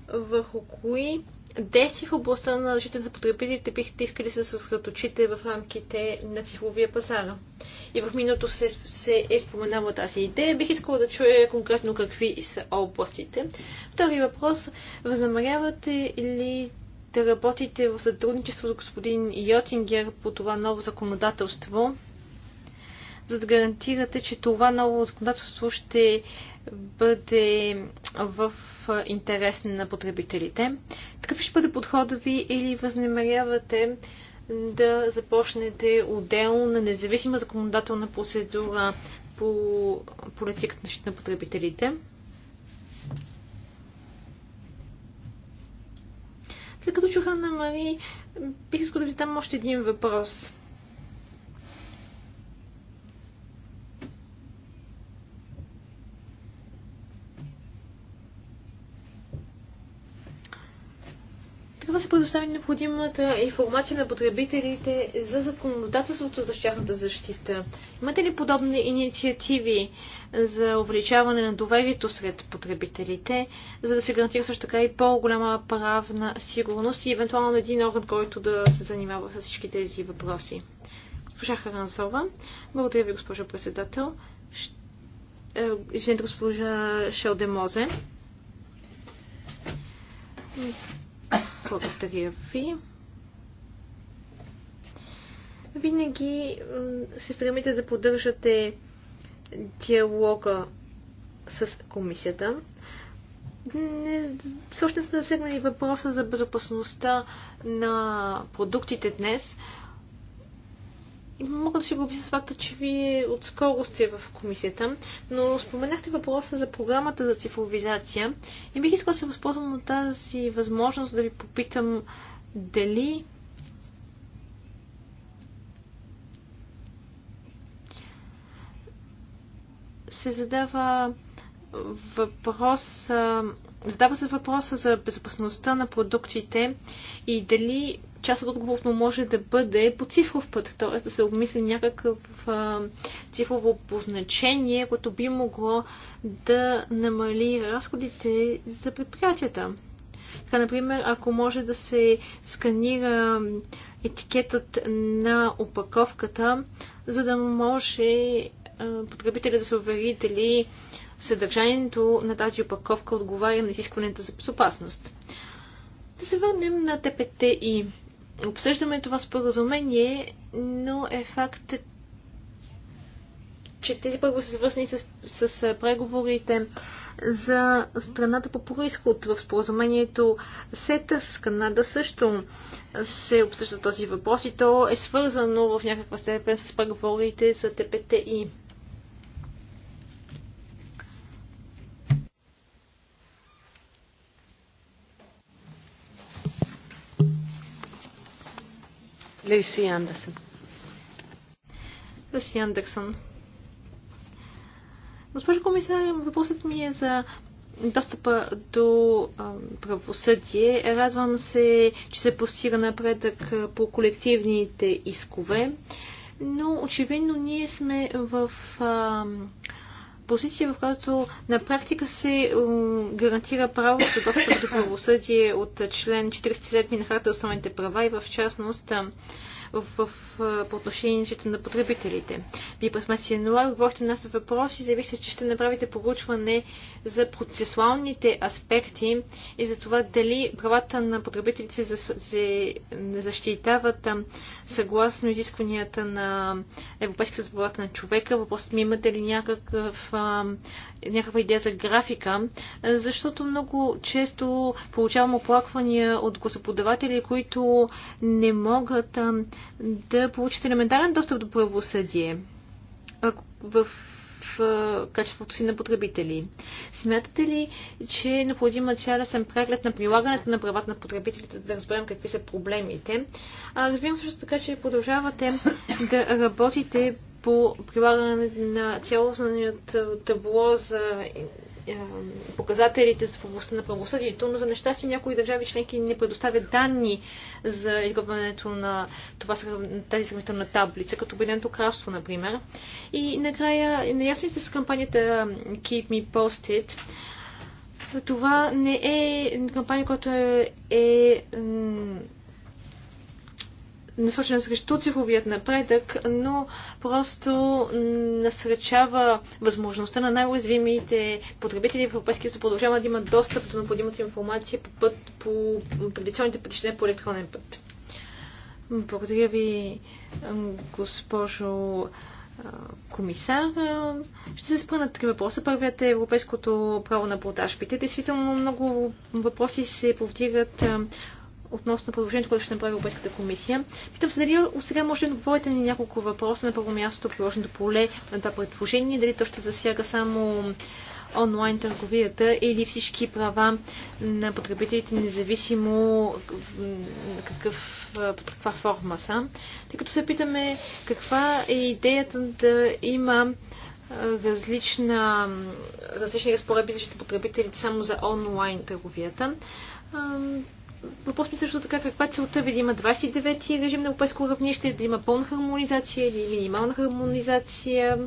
Speaker 2: върху кои действия в областта на защита на потребителите бихте искали да се съсредоточите в рамките на цифровия пазар? И в миналото се, се е споменала тази идея. Бих искала да чуя конкретно какви са областите. Втори въпрос. Възнамерявате ли да работите в сътрудничество с господин Йотингер по това ново законодателство, за да гарантирате, че това ново законодателство ще бъде в интерес на потребителите. Такъв ще бъде подхода ви или възнамерявате да започнете на независима законодателна процедура по политиката на на потребителите. След като чуха на Мари, бих искал да ви задам още един въпрос. се предостави необходимата информация на потребителите за законодателството за тяхната защита. Имате ли подобни инициативи за увеличаване на доверието сред потребителите, за да се гарантира също така и по-голяма правна сигурност и евентуално един орган, който да се занимава с всички тези въпроси? Госпожа Харанзова, благодаря ви, госпожа председател. Е, извинете, госпожа Шелдемозе. Благодаря Винаги се стремите да поддържате диалога с комисията. Не, всъщност сме засегнали въпроса за безопасността на продуктите днес, мога да си го обясня с факта, че вие отскоро сте в комисията, но споменахте въпроса за програмата за цифровизация и бих искала да се възползвам от тази възможност да ви попитам дали се задава въпрос, задава се въпроса за безопасността на продуктите и дали част от отговорно може да бъде по цифров път, т.е. да се обмисли някакъв а, цифрово позначение, което би могло да намали разходите за предприятията. Така, например, ако може да се сканира етикетът на опаковката, за да може потребителя да се увери дали съдържанието на тази опаковка отговаря на изискването за безопасност. Да се върнем на ТПТ и обсъждаме това споразумение, но е факт, че тези преговори са свързани с, с преговорите за страната по происход. В споразумението СЕТА с Канада също се обсъжда този въпрос и то е свързано в някаква степен с преговорите за ТПТИ.
Speaker 1: Люси Андерсън.
Speaker 2: Люси Андерсън. Госпожо комисар, въпросът ми е за достъпа до правосъдие. Радвам се, че се постига напредък по колективните искове, но очевидно ние сме в позиция, в която на практика се гарантира правото за достъп до правосъдие от член 47 на Харта основните права и в частност в, в, по отношение на потребителите. Вие през месец януар отговорихте нас въпрос и заявихте, че ще направите поручване за процесуалните аспекти и за това дали правата на потребителите се, се, се защитават съгласно изискванията на Европейската правата на човека. Въпросът ми е, имате ли някакъв, някаква идея за графика, защото много често получавам оплаквания от господаватели, които не могат да получите елементарен достъп до правосъдие в качеството си на потребители. Смятате ли, че е необходима цялостен преглед на прилагането на правата на потребителите, да разберем какви са проблемите? А, разбирам също така, че продължавате да работите по прилагане на цялостният табло за показателите в областта на правосъдието, но за неща си някои държави членки не предоставят данни за изготвянето на това, тази сравнителна таблица, като Обединеното кралство, например. И накрая, наясно сте с кампанията Keep Me Posted. Това не е кампания, която е, е Насочен срещу цифровият напредък, но просто насръчава възможността на най-уязвимите потребители в Европейския съюз да продължават да имат достъп до необходимата информация по, път, по традиционните пътища, не по електронен път. Благодаря ви, госпожо комисар. Ще се спра на три въпроса. Първият е европейското право на продажбите. Действително много въпроси се повдигат относно предложението, което ще направи Европейската комисия. Питам се дали сега може да отговорите на няколко въпроса. На първо място приложеното поле на това предложение, дали то ще засяга само онлайн търговията или всички права на потребителите, независимо какъв, под каква форма са. Тъй като се питаме каква е идеята да има различна, различни разпоредби за потребителите само за онлайн търговията Въпрос ми също така каква целта ви да има 29-ти режим на европейско равнище, да има пълна хармонизация или минимална хармонизация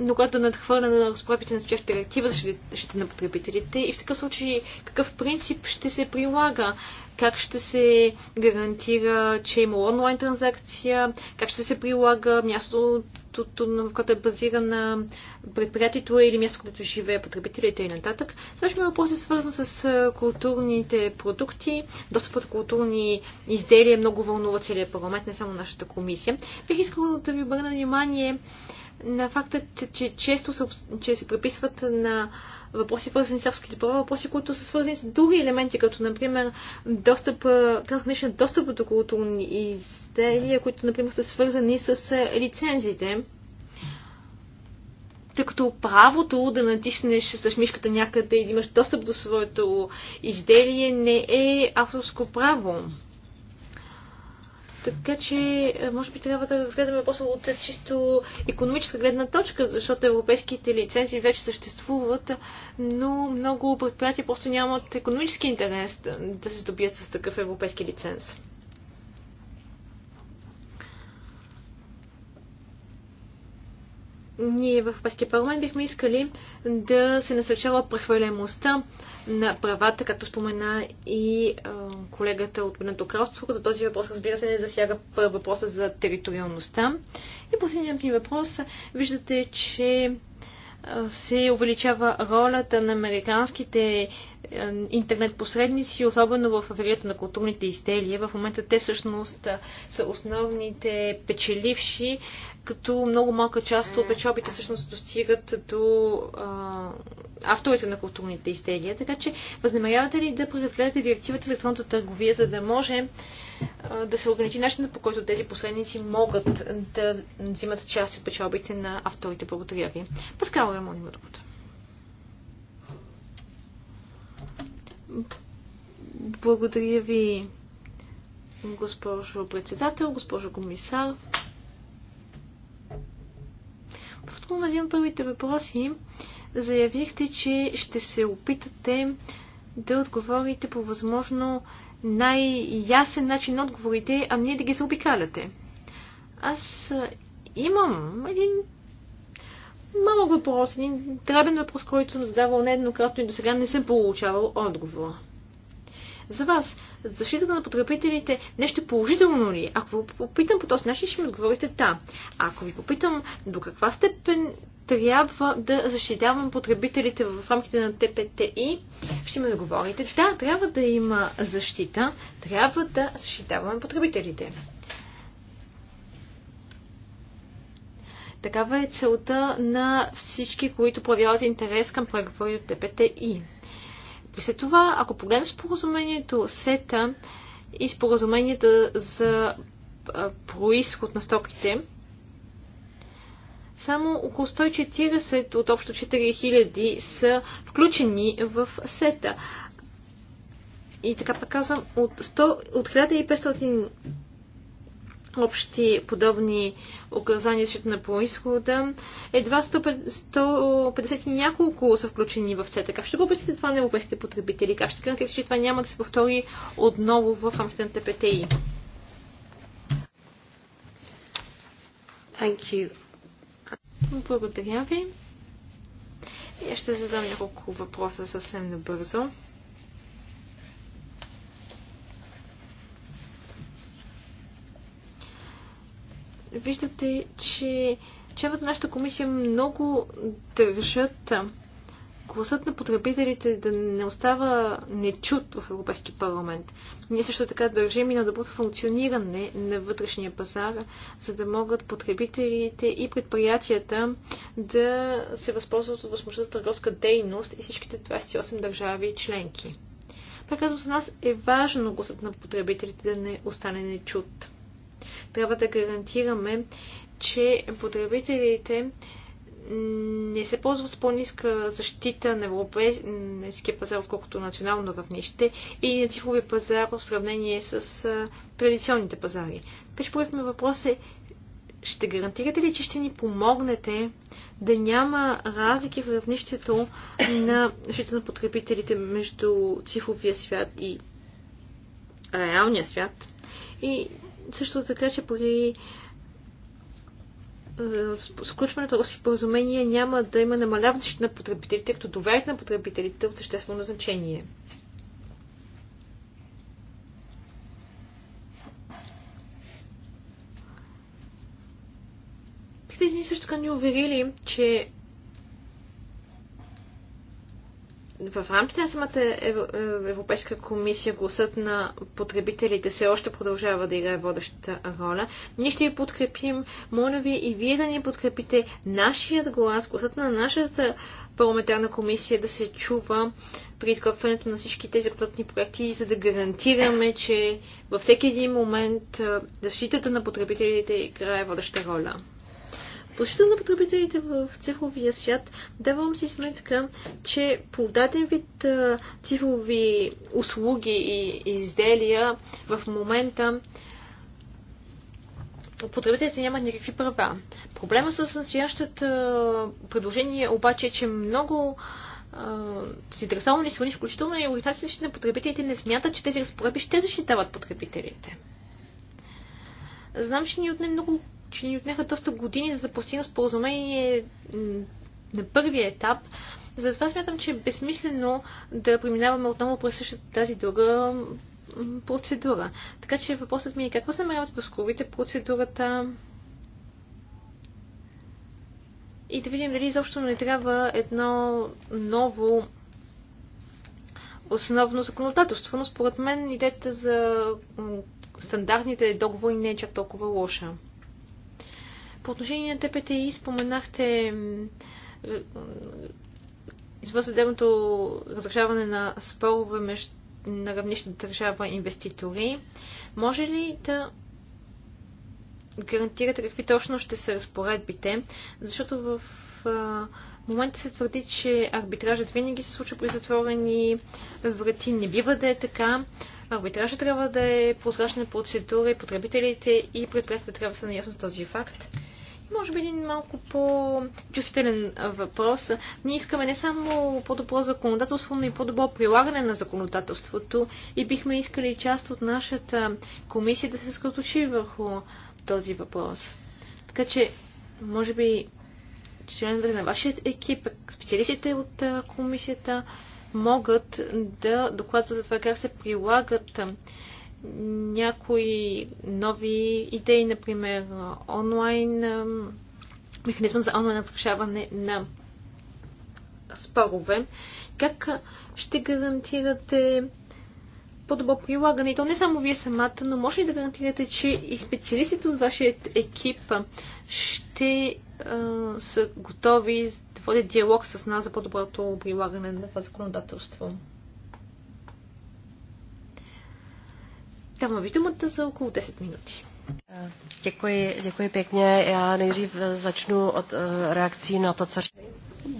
Speaker 2: но която надхвърля на разправите на спящите директива за защита на потребителите и в такъв случай какъв принцип ще се прилага? Как ще се гарантира, че има онлайн транзакция? Как ще се прилага мястото, в което е базирана предприятието или място, където живее потребителите и нататък? Също въпрос е свързан с културните продукти. Достъпът до културни изделия много вълнува целият парламент, не само нашата комисия. Бих искала да ви обърна внимание на факта, че често се, че се приписват на въпроси, свързани с авторските права, въпроси, които са свързани с други елементи, като, например, достъп, трансграничен достъп до културни изделия, които, например, са свързани с лицензите. Тъй като правото да натиснеш с мишката някъде и да имаш достъп до своето изделие не е авторско право. Така че, е, може би трябва да разгледаме после от чисто економическа гледна точка, защото европейските лицензии вече съществуват, но много предприятия просто нямат економически интерес да се здобият с такъв европейски лиценз. ние в Европейския парламент бихме искали да се насърчава прехвалемостта на правата, както спомена и колегата от Бенето кралство, като този въпрос, разбира се, не засяга въпроса за териториалността. И последният ми въпрос. Виждате, че се увеличава ролята на американските е, интернет посредници, особено в аферията на културните изделия. В момента те всъщност е, са основните печеливши, като много малка част от печалбите всъщност достигат до а, е, авторите на културните изделия. Така че възнамерявате ли да преразгледате директивата за електронната търговия, за да може а, да се ограничи начинът по който тези посредници могат да взимат част от печалбите на авторите? Благодаря ви. Паскал Рамон има думата. Благодаря ви, госпожо председател, госпожо комисар. Повторно на един от първите въпроси заявихте, че ще се опитате да отговорите по възможно най-ясен начин на отговорите, а не да ги заобикаляте. Аз имам един малък въпрос, един дребен въпрос, който съм задавал нееднократно и до сега не съм получавал отговор. За вас, защитата на потребителите, нещо положително ли? Ако ви попитам по този начин, ще ми отговорите да. Ако ви попитам до каква степен трябва да защитавам потребителите в рамките на ТПТИ, ще ми отговорите да, трябва да има защита, трябва да защитаваме потребителите. Такава е целта на всички, които проявяват интерес към преговори от ДПТИ. При след това, ако погледнем споразумението СЕТА и споразуменията за происход на стоките, само около 140 от общо 4000 са включени в сета. И така показвам, казвам, от, 100, от 1500 общи подобни указания света на происхода. Едва 150, 150 и няколко са включени в сета. Как ще го обясните това на европейските потребители? Как ще гарантирате, че това няма да се повтори отново в рамките на ТПТИ? Thank you. Благодаря ви. Я ще задам няколко въпроса съвсем набързо. виждате, че членовете на нашата комисия много държат гласът на потребителите да не остава нечут в Европейски парламент. Ние също така държим и на доброто функциониране на вътрешния пазар, за да могат потребителите и предприятията да се възползват от възможността за търговска дейност и всичките 28 държави членки. Пак казвам, за нас е важно гласът на потребителите да не остане нечут трябва да гарантираме, че потребителите не се ползват с по-ниска защита на европейския пазар, отколкото национално равнище и на цифрови пазар в сравнение с а, традиционните пазари. Така че първият ми въпрос е, ще гарантирате ли, че ще ни помогнете да няма разлики в равнището на защита на потребителите между цифровия свят и реалния свят? И също така, че при е, сключването на споразумение няма да има намаляващи на потребителите, като доверието на потребителите е от съществено значение. Бихте ни също така ни уверили, че в рамките на самата Европейска комисия гласът на потребителите все още продължава да играе водещата роля. Ние ще ви подкрепим. Моля ви и вие да ни подкрепите нашият глас, гласът на нашата парламентарна комисия да се чува при изготвянето на всички тези платни проекти, за да гарантираме, че във всеки един момент защитата на потребителите играе водеща роля защита на потребителите в цифровия свят, давам си сметка, че по даден вид цифрови услуги и изделия в момента потребителите нямат никакви права. Проблема с настоящата предложение обаче е, че много заинтересовани страни, включително и организациите на потребителите, не смятат, че тези разпоредби ще защитават потребителите. Знам, че ни отне много че ни отнеха доста години за да постигна споразумение на първия етап. Затова смятам, че е безсмислено да преминаваме отново през същата тази дълга процедура. Така че въпросът ми е какво се намерявате да ускорите процедурата и да видим дали изобщо не трябва едно ново основно законодателство, но според мен идеята за стандартните договори не е чак толкова лоша. По отношение на ТПТИ споменахте е, е, извънсъдебното разрешаване на спорове на равнище държава инвеститори. Може ли да гарантирате какви точно ще са разпоредбите? Защото в момента се твърди, че арбитражът винаги се случва при затворени врати. Не бива да е така. Арбитражът трябва да е прозрачна процедура и потребителите и предприятията трябва да са наясно с този факт може би един малко по-чувствителен въпрос. Ние искаме не само по-добро законодателство, но и по-добро прилагане на законодателството и бихме искали част от нашата комисия да се скълточи върху този въпрос. Така че, може би, членовете на вашия екип, специалистите от комисията, могат да докладват за това как се прилагат някои нови идеи, например онлайн, механизъм за онлайн разрешаване на спорове. Как ще гарантирате по-добро прилагане. И то не само вие самата, но може ли да гарантирате, че и специалистите от вашия екип ще а, са готови да водят диалог с нас за по-доброто прилагане на това законодателство? Давам ви думата за около 10 минути. Děkuji, děkuji pěkně. Já nejdřív začnu od eh,
Speaker 1: reakcí na to, co...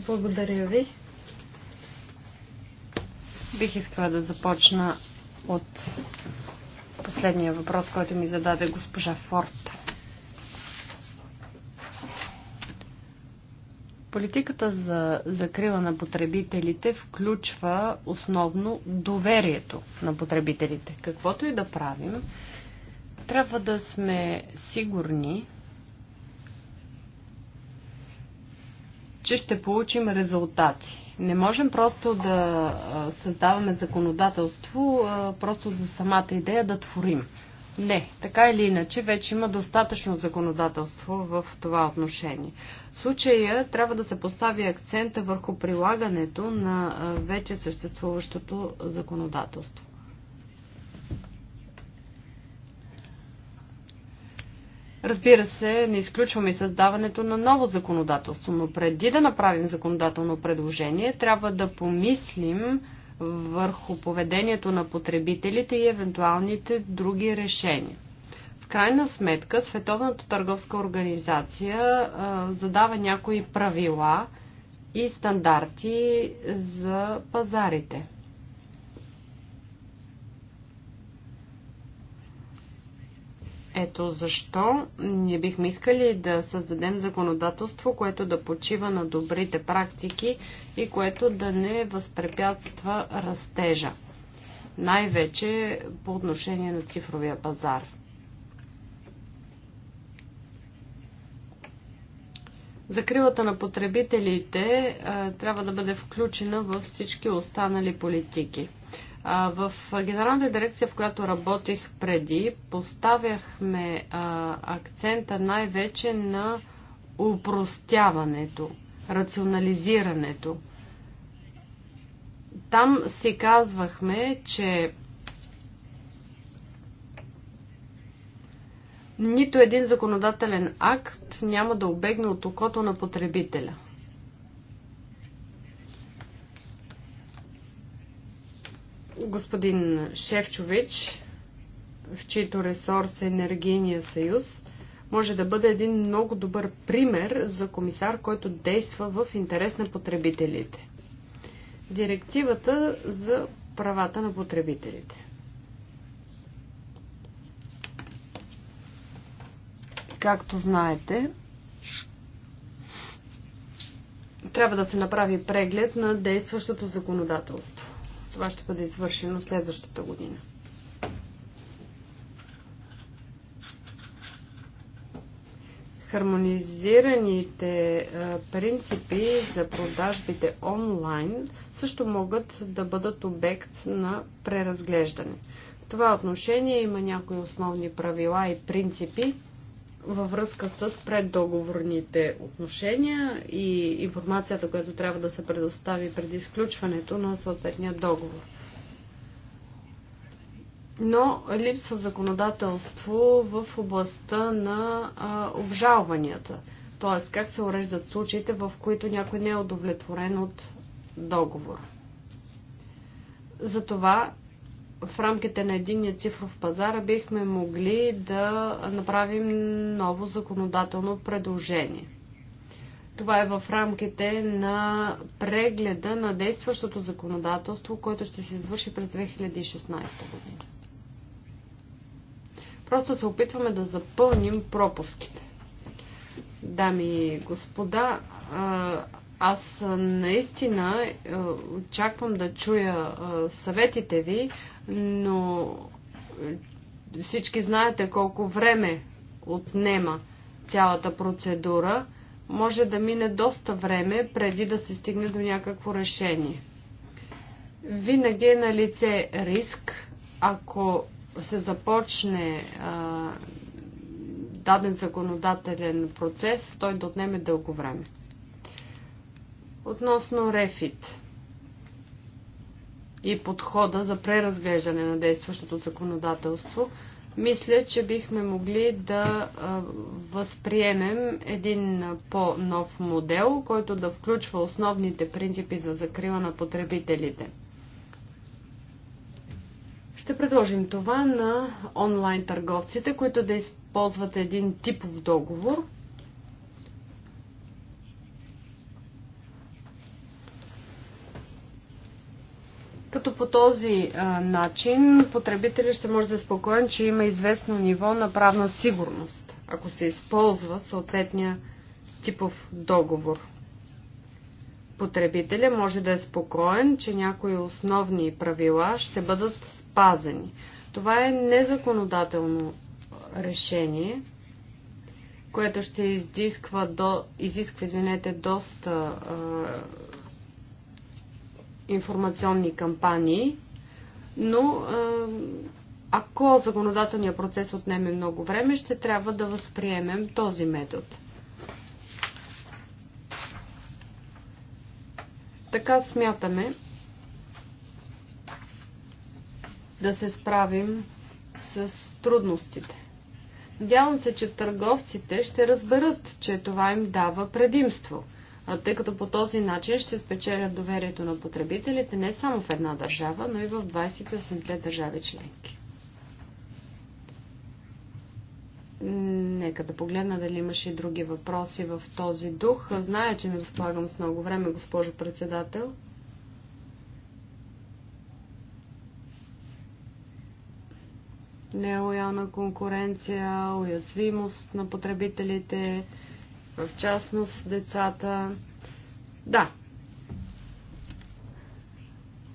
Speaker 1: Благодаря ви. Бих искала да започна от последния въпрос, който ми зададе госпожа Форд. Политиката за закрила на потребителите включва основно доверието на потребителите. Каквото и да правим, трябва да сме сигурни, че ще получим резултати. Не можем просто да създаваме законодателство, просто за самата идея да творим. Не, така или иначе, вече има достатъчно законодателство в това отношение. В случая трябва да се постави акцента върху прилагането на вече съществуващото законодателство. Разбира се, не изключваме и създаването на ново законодателство, но преди да направим законодателно предложение, трябва да помислим върху поведението на потребителите и евентуалните други решения. В крайна сметка, Световната търговска организация а, задава някои правила и стандарти за пазарите. Ето защо ние бихме искали да създадем законодателство, което да почива на добрите практики и което да не възпрепятства растежа. Най-вече по отношение на цифровия пазар. Закрилата на потребителите а, трябва да бъде включена във всички останали политики. В генералната дирекция, в която работих преди, поставяхме акцента най-вече на упростяването, рационализирането. Там си казвахме, че нито един законодателен акт няма да обегне от окото на потребителя – господин Шевчович, в чието ресурс е енергийния съюз, може да бъде един много добър пример за комисар, който действа в интерес на потребителите. Директивата за правата на потребителите. Както знаете, трябва да се направи преглед на действащото законодателство. Това ще бъде извършено следващата година. Хармонизираните принципи за продажбите онлайн също могат да бъдат обект на преразглеждане. В това отношение има някои основни правила и принципи, във връзка с преддоговорните отношения и информацията, която трябва да се предостави преди изключването на съответния договор. Но липсва законодателство в областта на а, обжалванията. Т.е. как се уреждат случаите, в които някой не е удовлетворен от договора. Затова в рамките на единния цифров пазар бихме могли да направим ново законодателно предложение. Това е в рамките на прегледа на действащото законодателство, което ще се извърши през 2016 година. Просто се опитваме да запълним пропуските. Дами и господа, аз наистина е, очаквам да чуя съветите ви, но е, всички знаете колко време отнема цялата процедура. Може да мине доста време преди да се стигне до някакво решение. Винаги е на лице риск, ако се започне а, даден законодателен процес, той да отнеме дълго време. Относно Рефит и подхода за преразглеждане на действащото законодателство, мисля, че бихме могли да възприемем един по-нов модел, който да включва основните принципи за закрива на потребителите. Ще предложим това на онлайн търговците, които да използват един типов договор, като по този а, начин потребителят ще може да е спокоен, че има известно ниво на правна сигурност, ако се използва съответния типов договор. Потребителя може да е спокоен, че някои основни правила ще бъдат спазени. Това е незаконодателно решение, което ще издисква до, изисква извинете, доста а, информационни кампании, но ако законодателният процес отнеме много време, ще трябва да възприемем този метод. Така смятаме да се справим с трудностите. Надявам се, че търговците ще разберат, че това им дава предимство – тъй като по този начин ще спечелят доверието на потребителите не само в една държава, но и в 28-те държави членки. Нека да погледна дали имаше и други въпроси в този дух. Зная, че не разполагам с много време, госпожо председател. Нелоялна конкуренция, уязвимост на потребителите, в частност децата. Да.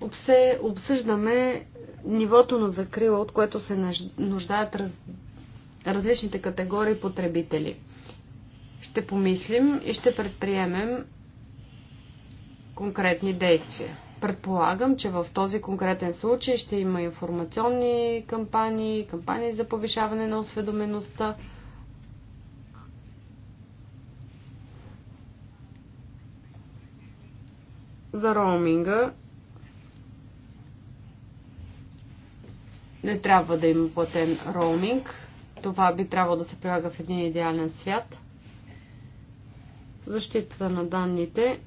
Speaker 1: Обсе, обсъждаме нивото на закрила, от което се нуждаят раз, различните категории потребители. Ще помислим и ще предприемем конкретни действия. Предполагам, че в този конкретен случай ще има информационни кампании, кампании за повишаване на осведомеността. за роуминга не трябва да има платен роуминг. Това би трябвало да се прилага в един идеален свят. Защитата на данните.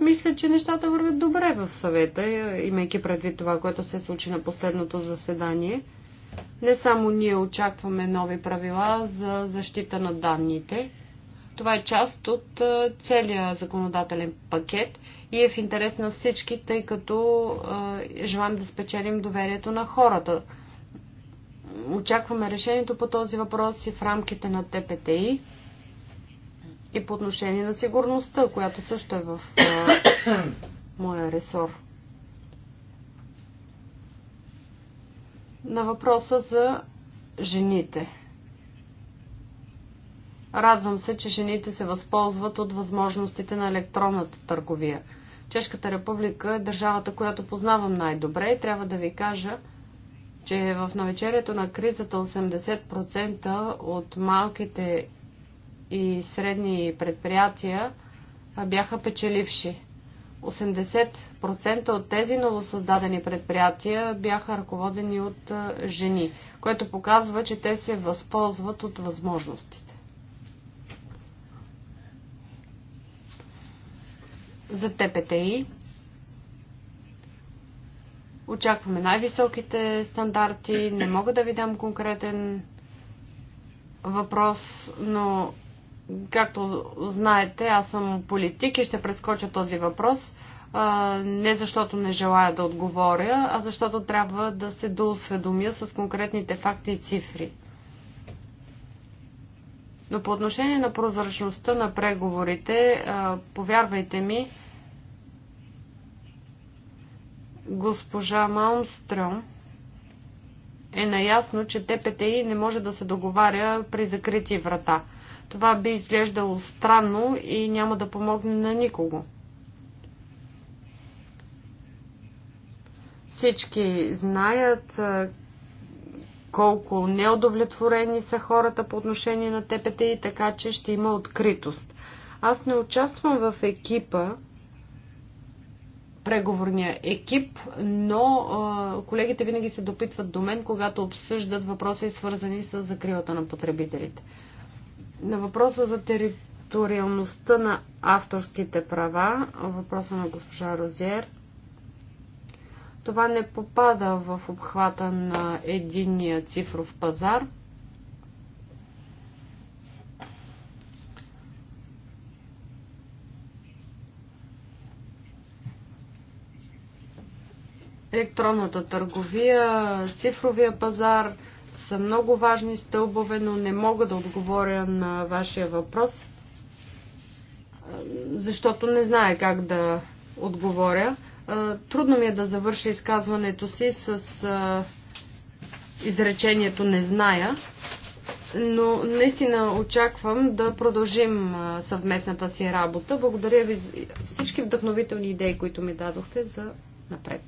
Speaker 1: Мисля, че нещата вървят добре в съвета, имайки предвид това, което се случи на последното заседание. Не само ние очакваме нови правила за защита на данните, това е част от целия законодателен пакет и е в интерес на всички, тъй като желаем да спечелим доверието на хората. Очакваме решението по този въпрос и в рамките на ТПТИ и по отношение на сигурността, която също е в моя ресор. На въпроса за жените. Радвам се, че жените се възползват от възможностите на електронната търговия. Чешката република е държавата, която познавам най-добре и трябва да ви кажа, че в навечерието на кризата 80% от малките и средни предприятия бяха печеливши. 80% от тези новосъздадени предприятия бяха ръководени от жени, което показва, че те се възползват от възможностите. за ТПТИ. Очакваме най-високите стандарти. Не мога да ви дам конкретен въпрос, но както знаете, аз съм политик и ще прескоча този въпрос. Не защото не желая да отговоря, а защото трябва да се доосведомя с конкретните факти и цифри. Но по отношение на прозрачността на преговорите, повярвайте ми, госпожа Малмстром е наясно, че ТПТИ не може да се договаря при закрити врата. Това би изглеждало странно и няма да помогне на никого. Всички знаят колко неудовлетворени са хората по отношение на ТПТ и така, че ще има откритост. Аз не участвам в екипа, преговорния екип, но а, колегите винаги се допитват до мен, когато обсъждат въпроси, свързани с закрилата на потребителите. На въпроса за териториалността на авторските права, въпроса на госпожа Розер, това не попада в обхвата на единния цифров пазар. електронната търговия, цифровия пазар са много важни стълбове, но не мога да отговоря на вашия въпрос, защото не знае как да отговоря. Трудно ми е да завърша изказването си с изречението не зная, но наистина очаквам да продължим съвместната си работа. Благодаря ви за всички вдъхновителни идеи, които ми дадохте за напред.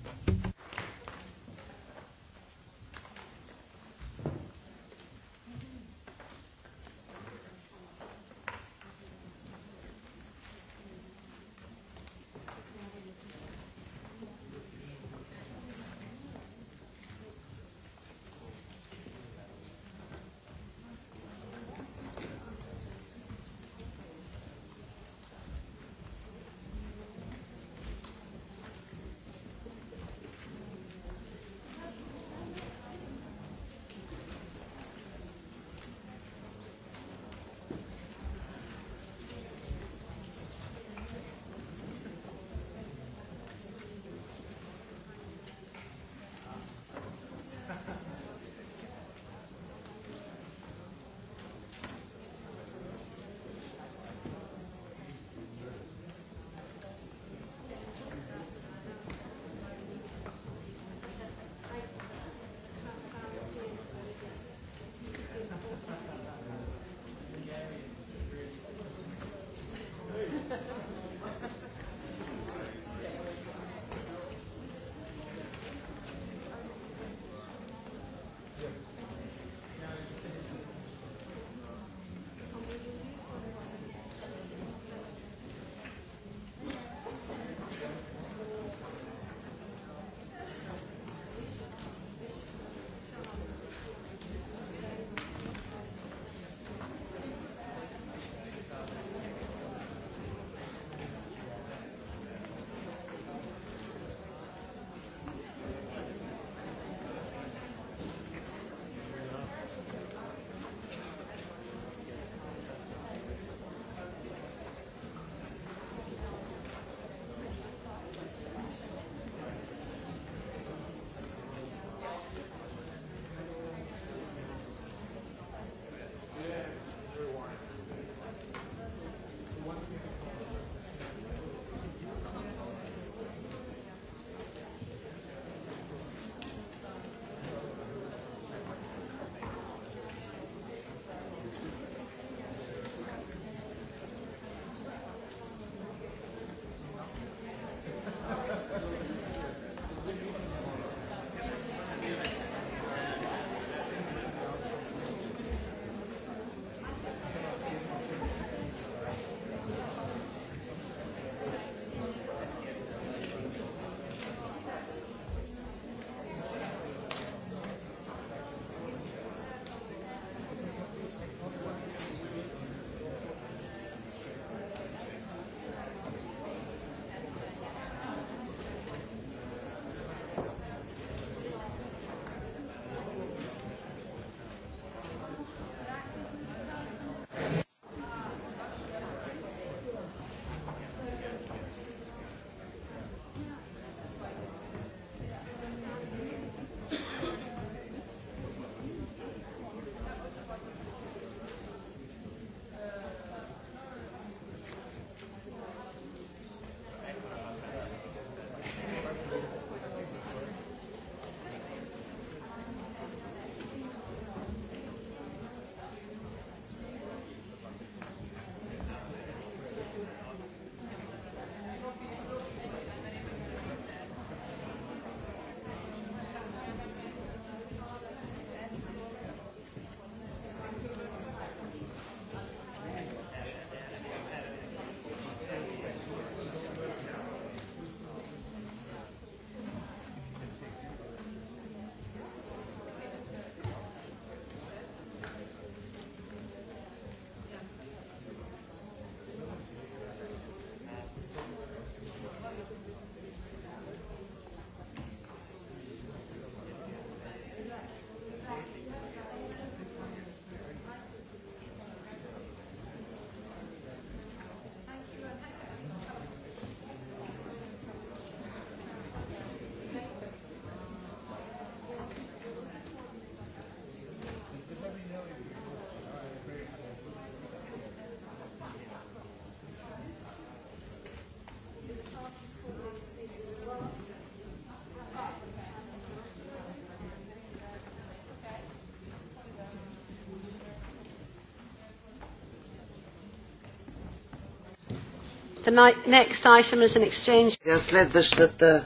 Speaker 3: Следващата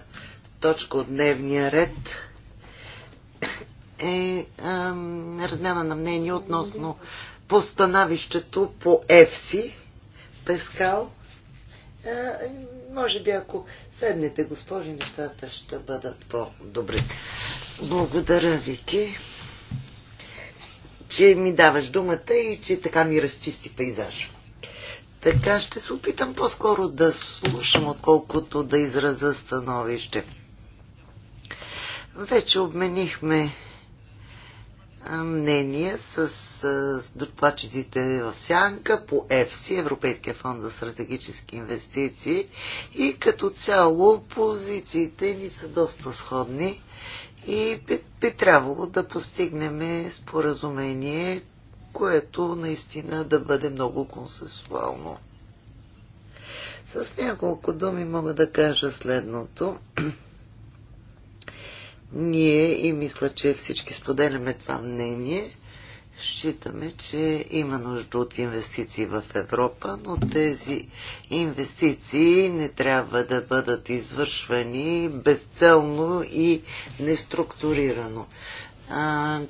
Speaker 3: точка от дневния ред е размяна на мнение относно постановището по ЕФСИ. Пескал. може би ако седнете, госпожи, нещата ще бъдат по-добри. Благодаря, Вики, че ми даваш думата и че така ми разчисти пейзажа. Така ще се опитам по-скоро да слушам, отколкото да израза становище. Вече обменихме мнение с, с докладчиците в Сянка по ЕФСИ, Европейския фонд за стратегически инвестиции и като цяло позициите ни са доста сходни и би, би трябвало да постигнем споразумение, което наистина да бъде много консенсуално. С няколко думи мога да кажа следното. Ние и мисля, че всички споделяме това мнение. Считаме, че има нужда от инвестиции в Европа, но тези инвестиции не трябва да бъдат извършвани безцелно и неструктурирано. А,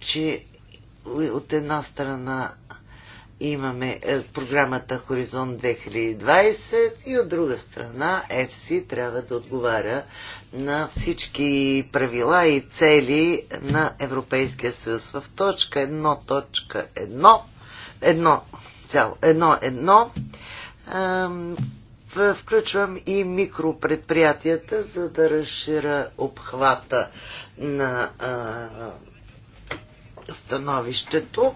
Speaker 3: че от една страна имаме е, програмата Хоризонт 2020 и от друга страна FC трябва да отговаря на всички правила и цели на Европейския съюз. В точка 1.1 точка 1, 1, цяло, 1, 1, включвам и микропредприятията, за да разширя обхвата на а, становището.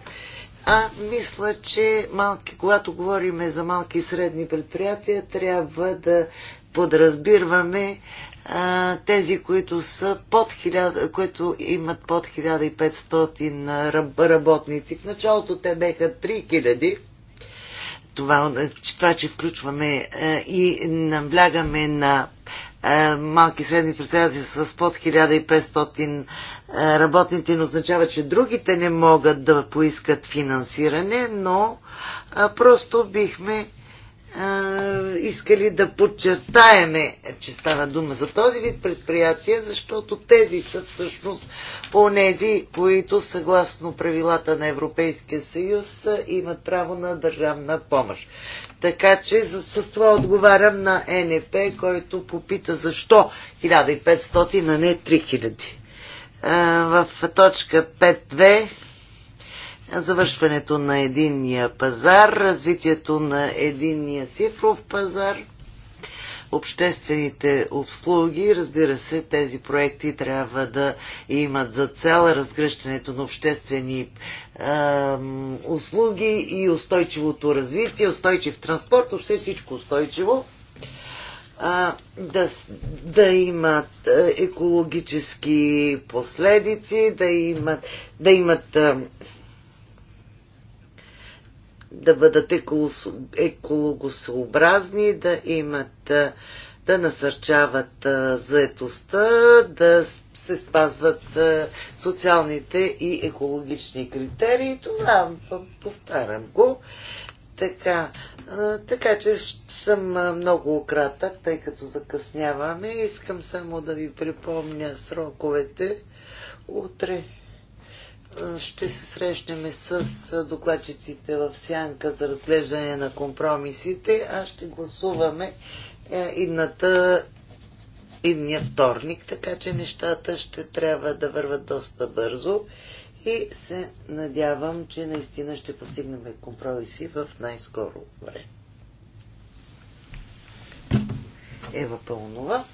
Speaker 3: А мисля, че малки, когато говорим за малки и средни предприятия, трябва да подразбираме а, тези, които, са под 1000, които имат под 1500 работници. В началото те беха 3000 това, това че включваме и наблягаме на е, малки и средни предприятия с под 1500 е, работници но означава, че другите не могат да поискат финансиране, но е, просто бихме искали да подчертаеме, че става дума за този вид предприятия, защото тези са всъщност онези, които съгласно правилата на Европейския съюз имат право на държавна помощ. Така че с това отговарям на НП, който попита защо 1500, а не 3000. В точка 5.2 завършването на единния пазар, развитието на единния цифров пазар, обществените обслуги. Разбира се, тези проекти трябва да имат за цел разгръщането на обществени е, услуги и устойчивото развитие, устойчив транспорт, въобще всичко устойчиво а, да, да имат екологически последици, да имат, да имат да бъдат екологосообразни, да имат да насърчават заетостта, да се спазват социалните и екологични критерии. Това повтарям го. Така, така че съм много кратък, тъй като закъсняваме. Искам само да ви припомня сроковете. Утре ще се срещнем с докладчиците в сянка за разглеждане на компромисите, а ще гласуваме е, идната, идния вторник, така че нещата ще трябва да върват доста бързо и се надявам, че наистина ще постигнем компромиси в най-скоро време. Ева Пълнова.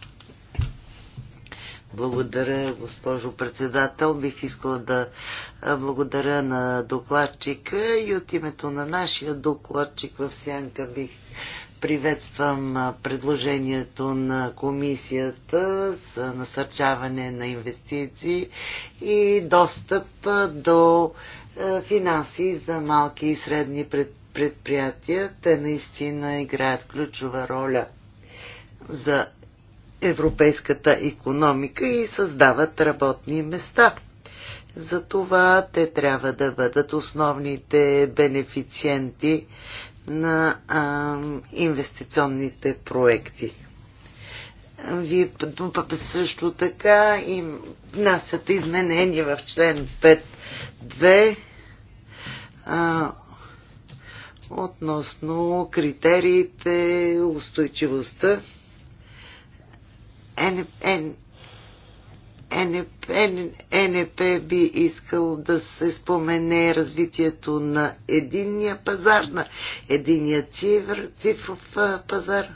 Speaker 3: Благодаря, госпожо председател. Бих искала да благодаря на докладчика и от името на нашия докладчик в Сянка бих приветствам предложението на комисията за насърчаване на инвестиции и достъп до финанси за малки и средни предприятия. Те наистина играят ключова роля за европейската економика и създават работни места. Затова те трябва да бъдат основните бенефициенти на а, инвестиционните проекти. Вие също така им внасят изменения в член 5.2 а, относно критериите, устойчивостта н, НП, НП би искал да се спомене развитието на единния пазар, на единния цифр, цифров пазар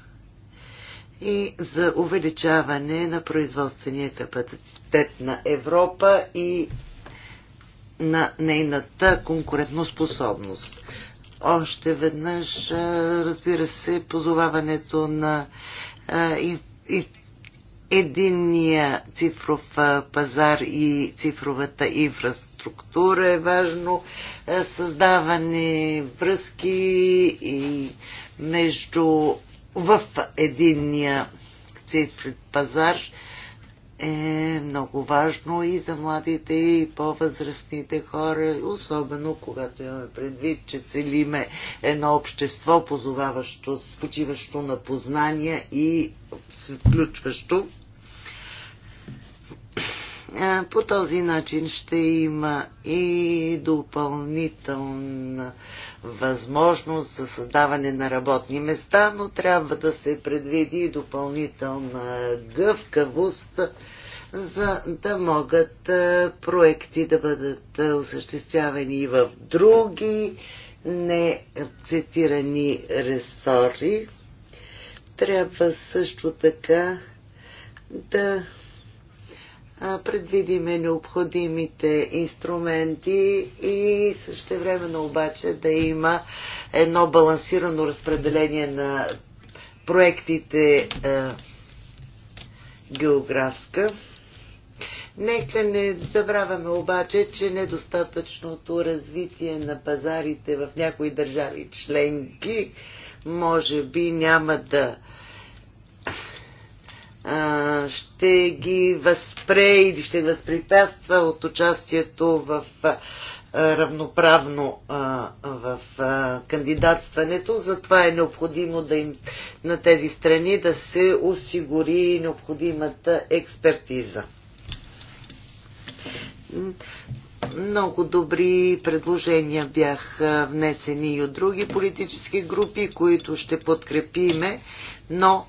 Speaker 3: и за увеличаване на производствения капацитет на Европа и на нейната конкурентоспособност. Още веднъж, разбира се, позоваването на и, и единния цифров пазар и цифровата инфраструктура е важно, създаване връзки и между в единния цифров пазар е много важно и за младите и по-възрастните хора, особено когато имаме предвид, че целиме едно общество, позоваващо, почиващо на познания и включващо по този начин ще има и допълнителна възможност за създаване на работни места, но трябва да се предвиди и допълнителна гъвкавост, за да могат проекти да бъдат осъществявани и в други не цитирани ресори. Трябва също така да предвидиме необходимите инструменти и също обаче да има едно балансирано разпределение на проектите е, географска. Нека не забравяме обаче, че недостатъчното развитие на пазарите в някои държави членки може би няма да ще ги възпре или ще възпрепятства от участието в равноправно в кандидатстването. Затова е необходимо да им, на тези страни да се осигури необходимата експертиза. Много добри предложения бяха внесени и от други политически групи, които ще подкрепиме, но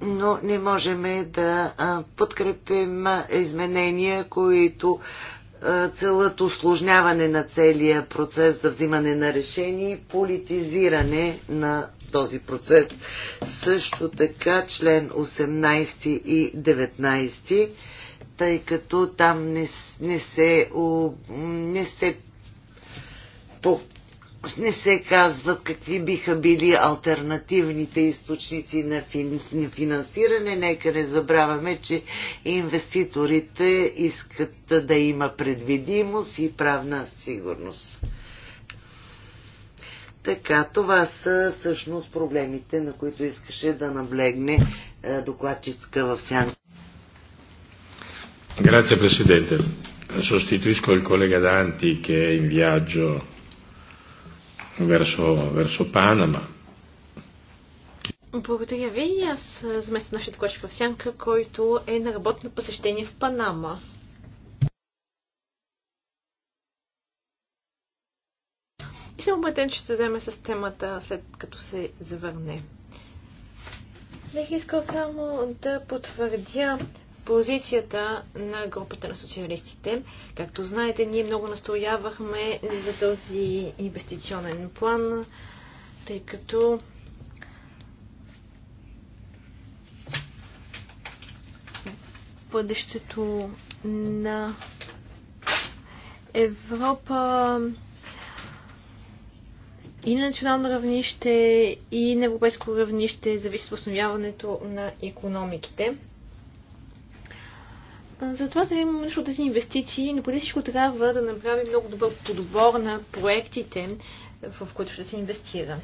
Speaker 3: но не можем да подкрепим изменения, които целът осложняване на целия процес за взимане на решение и политизиране на този процес. Също така член 18 и 19, тъй като там не, не, се, не се по, не се казват какви биха били альтернативните източници на, на финансиране. Нека не забравяме, че инвеститорите искат да има предвидимост и правна сигурност. Така, това са всъщност проблемите, на които искаше да наблегне е, докладчицка в сянка.
Speaker 1: Grazie Presidente. Sostituisco il collega Danti che è in viaggio verso, verso Панама.
Speaker 2: Благодаря ви. Аз замествам нашия докладчик в Сянка, който е на работно посещение в Панама. И съм убеден, че ще вземе с темата след като се завърне. Бих искал само да потвърдя позицията на групата на социалистите. Както знаете, ние много настоявахме за този инвестиционен план, тъй като бъдещето на Европа и на национално равнище, и на европейско равнище зависи от основяването на економиките. Затова да имаме нещо от тези инвестиции, но преди всичко трябва да направим много добър подбор на проектите, в които ще се инвестира.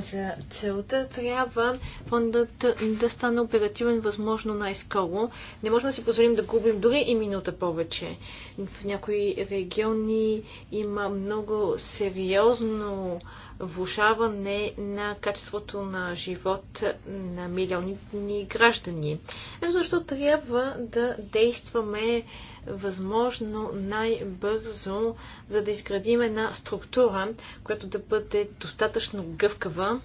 Speaker 2: За целта трябва фондът да стане оперативен възможно най-скоро. Не можем да си позволим да губим дори и минута повече. В някои региони има много сериозно влушаване на качеството на живот на милиони ни граждани. Ето защо трябва да действаме възможно най-бързо, за да изградим една структура, която да бъде достатъчно гъвкава,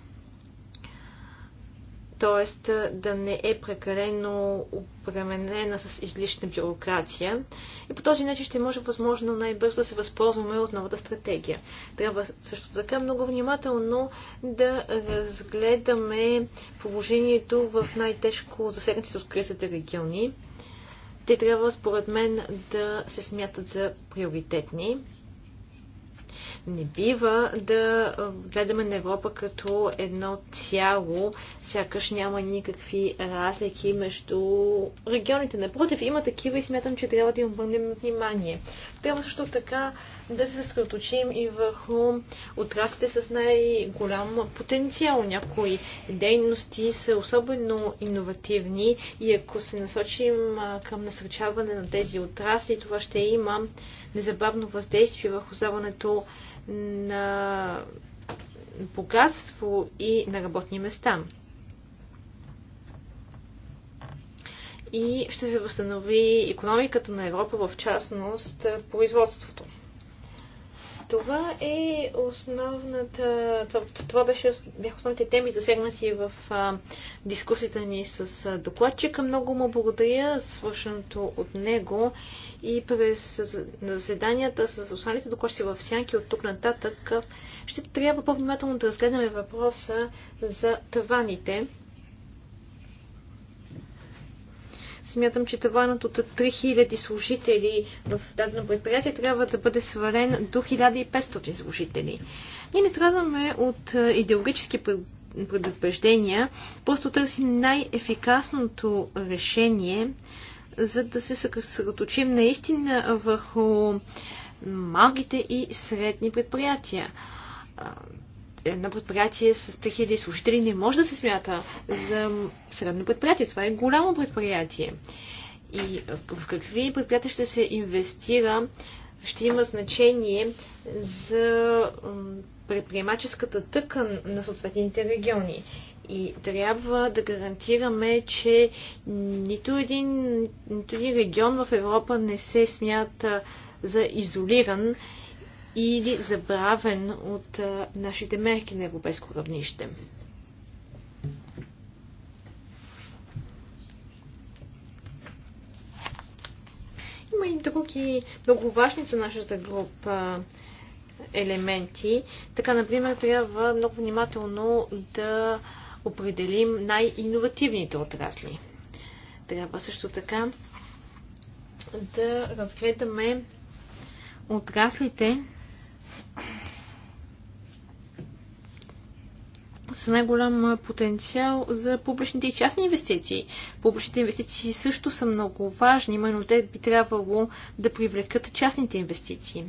Speaker 2: т.е. да не е прекалено обременена с излишна бюрокрация. И по този начин ще може възможно най-бързо да се възползваме от новата стратегия. Трябва също така много внимателно да разгледаме положението в най-тежко засегнатите от кризата региони. Те трябва, според мен, да се смятат за приоритетни. Не бива да гледаме на Европа като едно цяло, сякаш няма никакви разлики между регионите. Напротив, има такива и смятам, че трябва да им обърнем внимание. Трябва също така да се съсредоточим и върху отрастите с най-голям потенциал. Някои дейности са особено иновативни и ако се насочим към насърчаване на тези отрасли, това ще има незабавно въздействие върху заването на богатство и на работни места. И ще се възстанови економиката на Европа, в частност производството. Това е основната. Това, това беше, бяха основните теми, засегнати в а, дискусията ни с а, докладчика. Много му благодаря свършеното от него и през заседанията с останалите докладчици в сянки от тук нататък ще трябва по-внимателно да разгледаме въпроса за таваните Смятам, че таванът от 3000 служители в дадено предприятие трябва да бъде свален до 1500 служители. Ние не страдаме от идеологически предупреждения, просто търсим най-ефикасното решение, за да се съсредоточим наистина върху малките и средни предприятия едно предприятие с 3000 служители не може да се смята за средно предприятие. Това е голямо предприятие. И в какви предприятия ще се инвестира, ще има значение за предприемаческата тъкан на съответните региони. И трябва да гарантираме, че нито един, нито един регион в Европа не се смята за изолиран или забравен от нашите мерки на европейско равнище. Има и други много важни за нашата група елементи. Така, например, трябва много внимателно да определим най-инновативните отрасли. Трябва също така да разгледаме отраслите, с най-голям потенциал за публичните и частни инвестиции. Публичните инвестиции също са много важни, именно те би трябвало да привлекат частните инвестиции.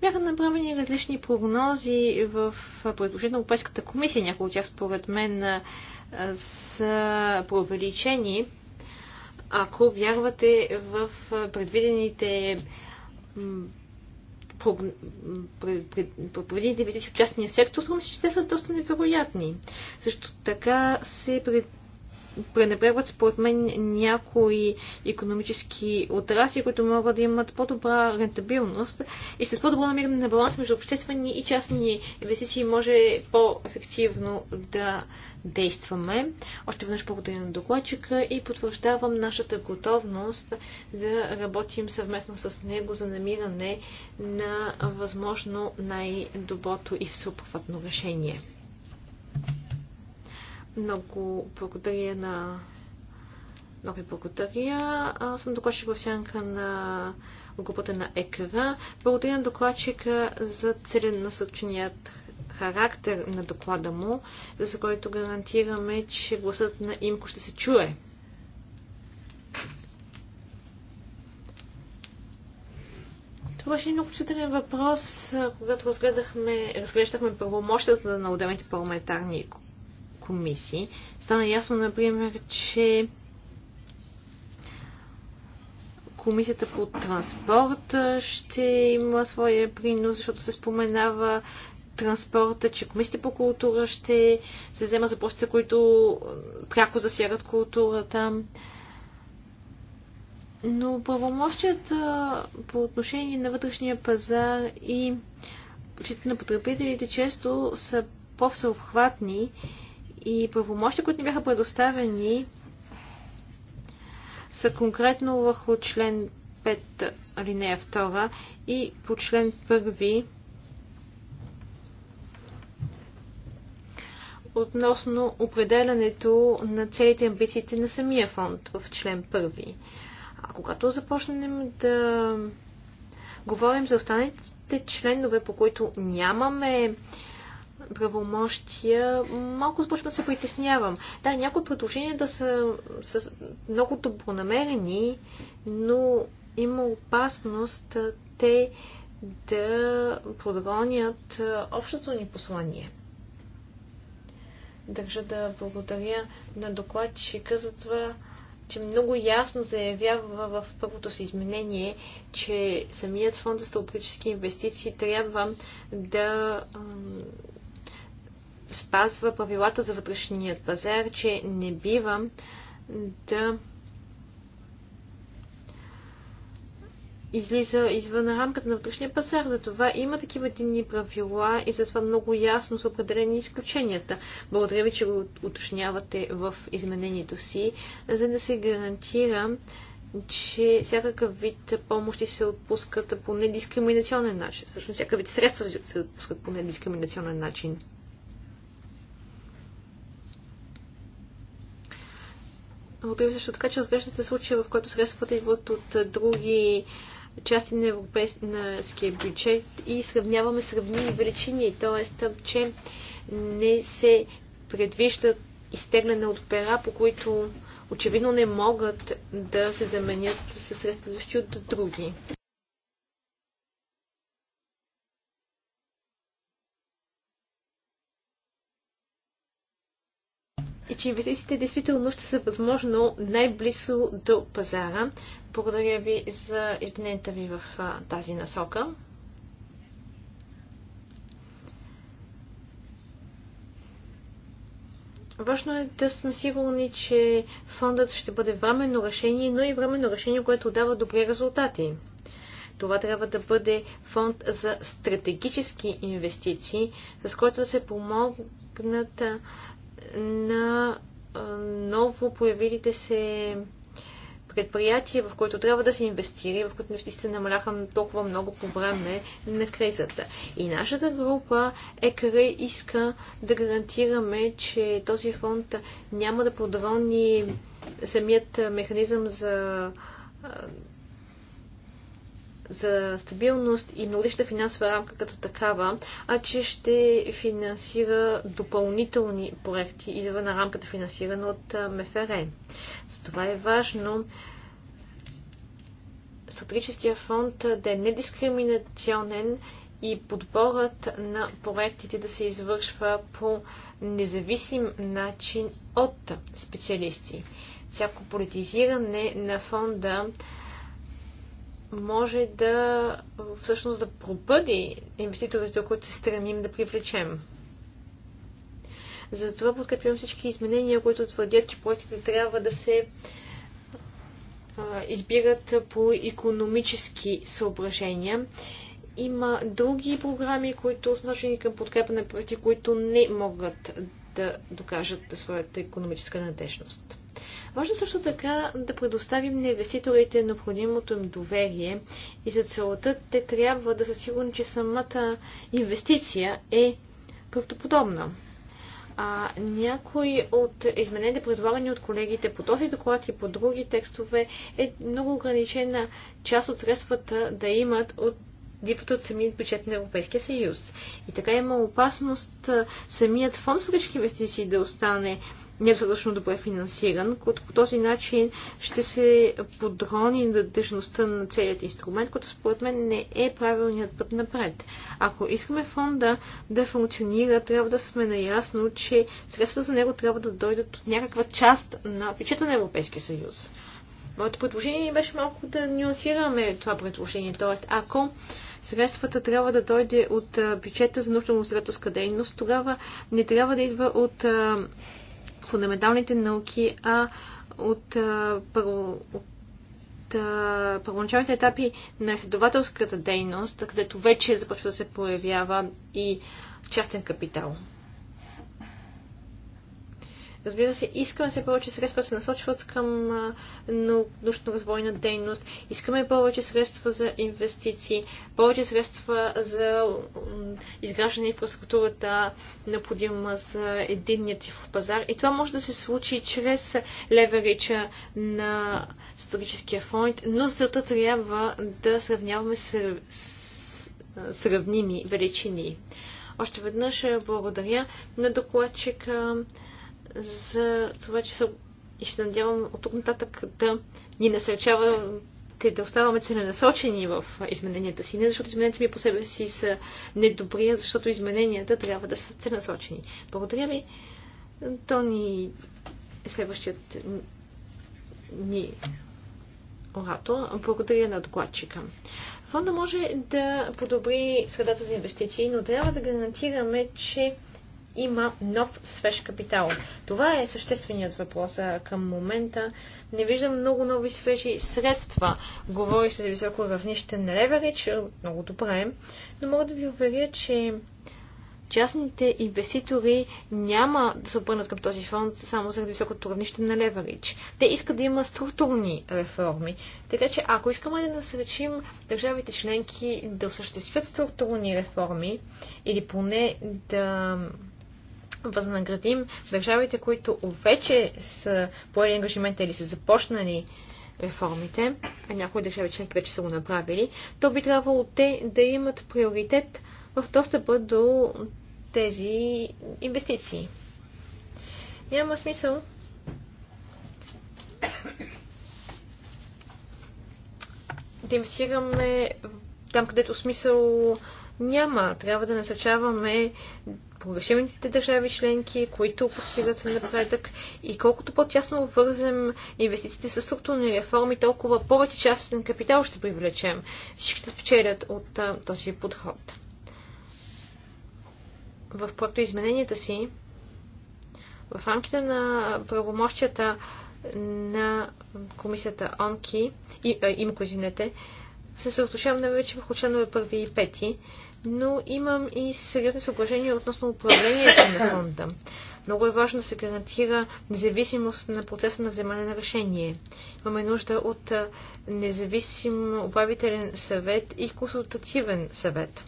Speaker 2: Бяха направени различни прогнози в предложение на Европейската комисия, някои от тях според мен са преувеличени. Ако вярвате в предвидените проповедите инвестиции в частния сектор, съм че те са доста невероятни. Също така се пред, пренебрегват според мен някои економически отрасли, които могат да имат по-добра рентабилност и с по-добро намиране на баланс между обществени и частни инвестиции може по-ефективно да действаме. Още веднъж благодаря на докладчика и потвърждавам нашата готовност да работим съвместно с него за намиране на възможно най-доброто и всеобхватно решение. Много благодаря на много благодаря. Аз съм докладчик в сянка на групата на ЕКРА. Благодаря на докладчика за целенасоченият характер на доклада му, за който гарантираме, че гласът на имко ще се чуе. Това беше много чувствителен въпрос, когато разглеждахме правомощията на отделните парламентарни комисии. Стана ясно, например, че комисията по транспорт ще има своя принос, защото се споменава транспорта, че комисията по култура ще се взема за постите, които пряко засягат културата. Но правомощията по отношение на вътрешния пазар и защита на потребителите често са по-всеобхватни и правомощи, които ни бяха предоставени, са конкретно върху член 5 алинея 2 и по член 1 относно определянето на целите и амбициите на самия фонд в член 1. А когато започнем да говорим за останалите членове, по които нямаме правомощия, малко започвам да се притеснявам. Да, някои предложения да са, са много добронамерени, но има опасност те да подгонят общото ни послание. Държа да благодаря на докладчика за това, че много ясно заявява в първото си изменение, че самият фонд за стратегически инвестиции трябва да спазва правилата за вътрешният пазар, че не бива да излиза извън рамката на вътрешния пазар. Затова има такива единни правила и затова много ясно са определени изключенията. Благодаря ви, че го уточнявате в изменението си, за да се гарантира, че всякакъв вид помощи се отпускат по недискриминационен начин. Всъщност всякакъв вид средства се отпускат по недискриминационен начин. Благодаря ви също така, че разглеждате случая, в който средствата идват от други части на европейския бюджет и сравняваме сравними величини, т.е. че не се предвиждат изтегляне от пера, по които очевидно не могат да се заменят със средства от други. че инвестициите действително ще са възможно най-близо до пазара. Благодаря ви за измененията ви в тази насока. Важно е да сме сигурни, че фондът ще бъде временно решение, но и временно решение, което дава добри резултати. Това трябва да бъде фонд за стратегически инвестиции, с който да се помогнат на ново появилите се предприятия, в които трябва да се инвестира в които наистина намаляха толкова много по време на кризата. И нашата група къде иска да гарантираме, че този фонд няма да подрони самият механизъм за за стабилност и многодишна финансова рамка като такава, а че ще финансира допълнителни проекти извън рамката финансирана от МФР. За това е важно стратегическия фонд да е недискриминационен и подборът на проектите да се извършва по независим начин от специалисти. Всяко политизиране на фонда може да всъщност да пробъди инвеститорите, които се стремим да привлечем. Затова подкрепям всички изменения, които твърдят, че проектите трябва да се избират по економически съображения. Има други програми, които са начини към подкрепа на проекти, които не могат да докажат своята економическа надежност. Важно също така да предоставим на инвеститорите необходимото им доверие и за целта те трябва да са сигурни, че самата инвестиция е правдоподобна. А, някои от изменените предлагани от колегите по този доклад и по други текстове, е много ограничена част от средствата да имат от дипът от самият бюджет на Европейския съюз. И така има опасност самият фонд за инвестиции да остане недостатъчно добре финансиран, който по този начин ще се подрони на държността на целият инструмент, който според мен не е правилният път напред. Ако искаме фонда да функционира, трябва да сме наясно, че средствата за него трябва да дойдат от някаква част на бюджета на Европейския съюз. Моето предложение беше малко да нюансираме това предложение. Тоест, ако средствата трябва да дойде от бюджета за научно-изследователска дейност, тогава не трябва да идва от фундаменталните науки, а от, първо, от първоначалните етапи на изследователската дейност, където вече започва да се появява и частен капитал. Разбира се, искаме се повече средства да се насочват към научно-развойна дейност, искаме повече средства за инвестиции, повече средства за изграждане на инфраструктурата, необходима за единния цифров пазар. И това може да се случи чрез леверича на стратегическия фонд, но за това трябва да сравняваме с сравними величини. Още веднъж благодаря на докладчика за това, че са и ще надявам от тук нататък да ни те да оставаме целенасочени в измененията си. Не защото измененията ми по себе си са недобри, а защото измененията трябва да са целенасочени. Благодаря ви. Тони е следващият ни орато, Благодаря на докладчика. Фонда може да подобри средата за инвестиции, но трябва да гарантираме, че има нов свеж капитал? Това е същественият въпрос към момента. Не виждам много нови свежи средства. Говори се за високо равнище на леверидж, много добре, но мога да ви уверя, че частните инвеститори няма да се обърнат към този фонд само заради високото равнище на леверидж. Те искат да има структурни реформи. Така че ако искаме да насречим държавите членки да осъществят структурни реформи или поне да възнаградим държавите, които вече са поели ангажимента или са започнали реформите, а някои държави членки вече са го направили, то би трябвало те да имат приоритет в достъпа до тези инвестиции. Няма смисъл да инвестираме там, където смисъл няма. Трябва да насъчаваме прогресивните държави членки, които постигат напредък и колкото по-тясно вързем инвестициите с структурни реформи, толкова повече частен капитал ще привлечем. Всички ще спечелят от а, този подход. В проекто измененията си, в рамките на правомощията на комисията ОМКИ, и, а, имко, извинете, се съотношавам най-вече върху членове първи и пети, но имам и сериозни съображения относно управлението на фонда. Много е важно да се гарантира независимост на процеса на вземане на решение. Имаме нужда от независим управителен съвет и консултативен съвет.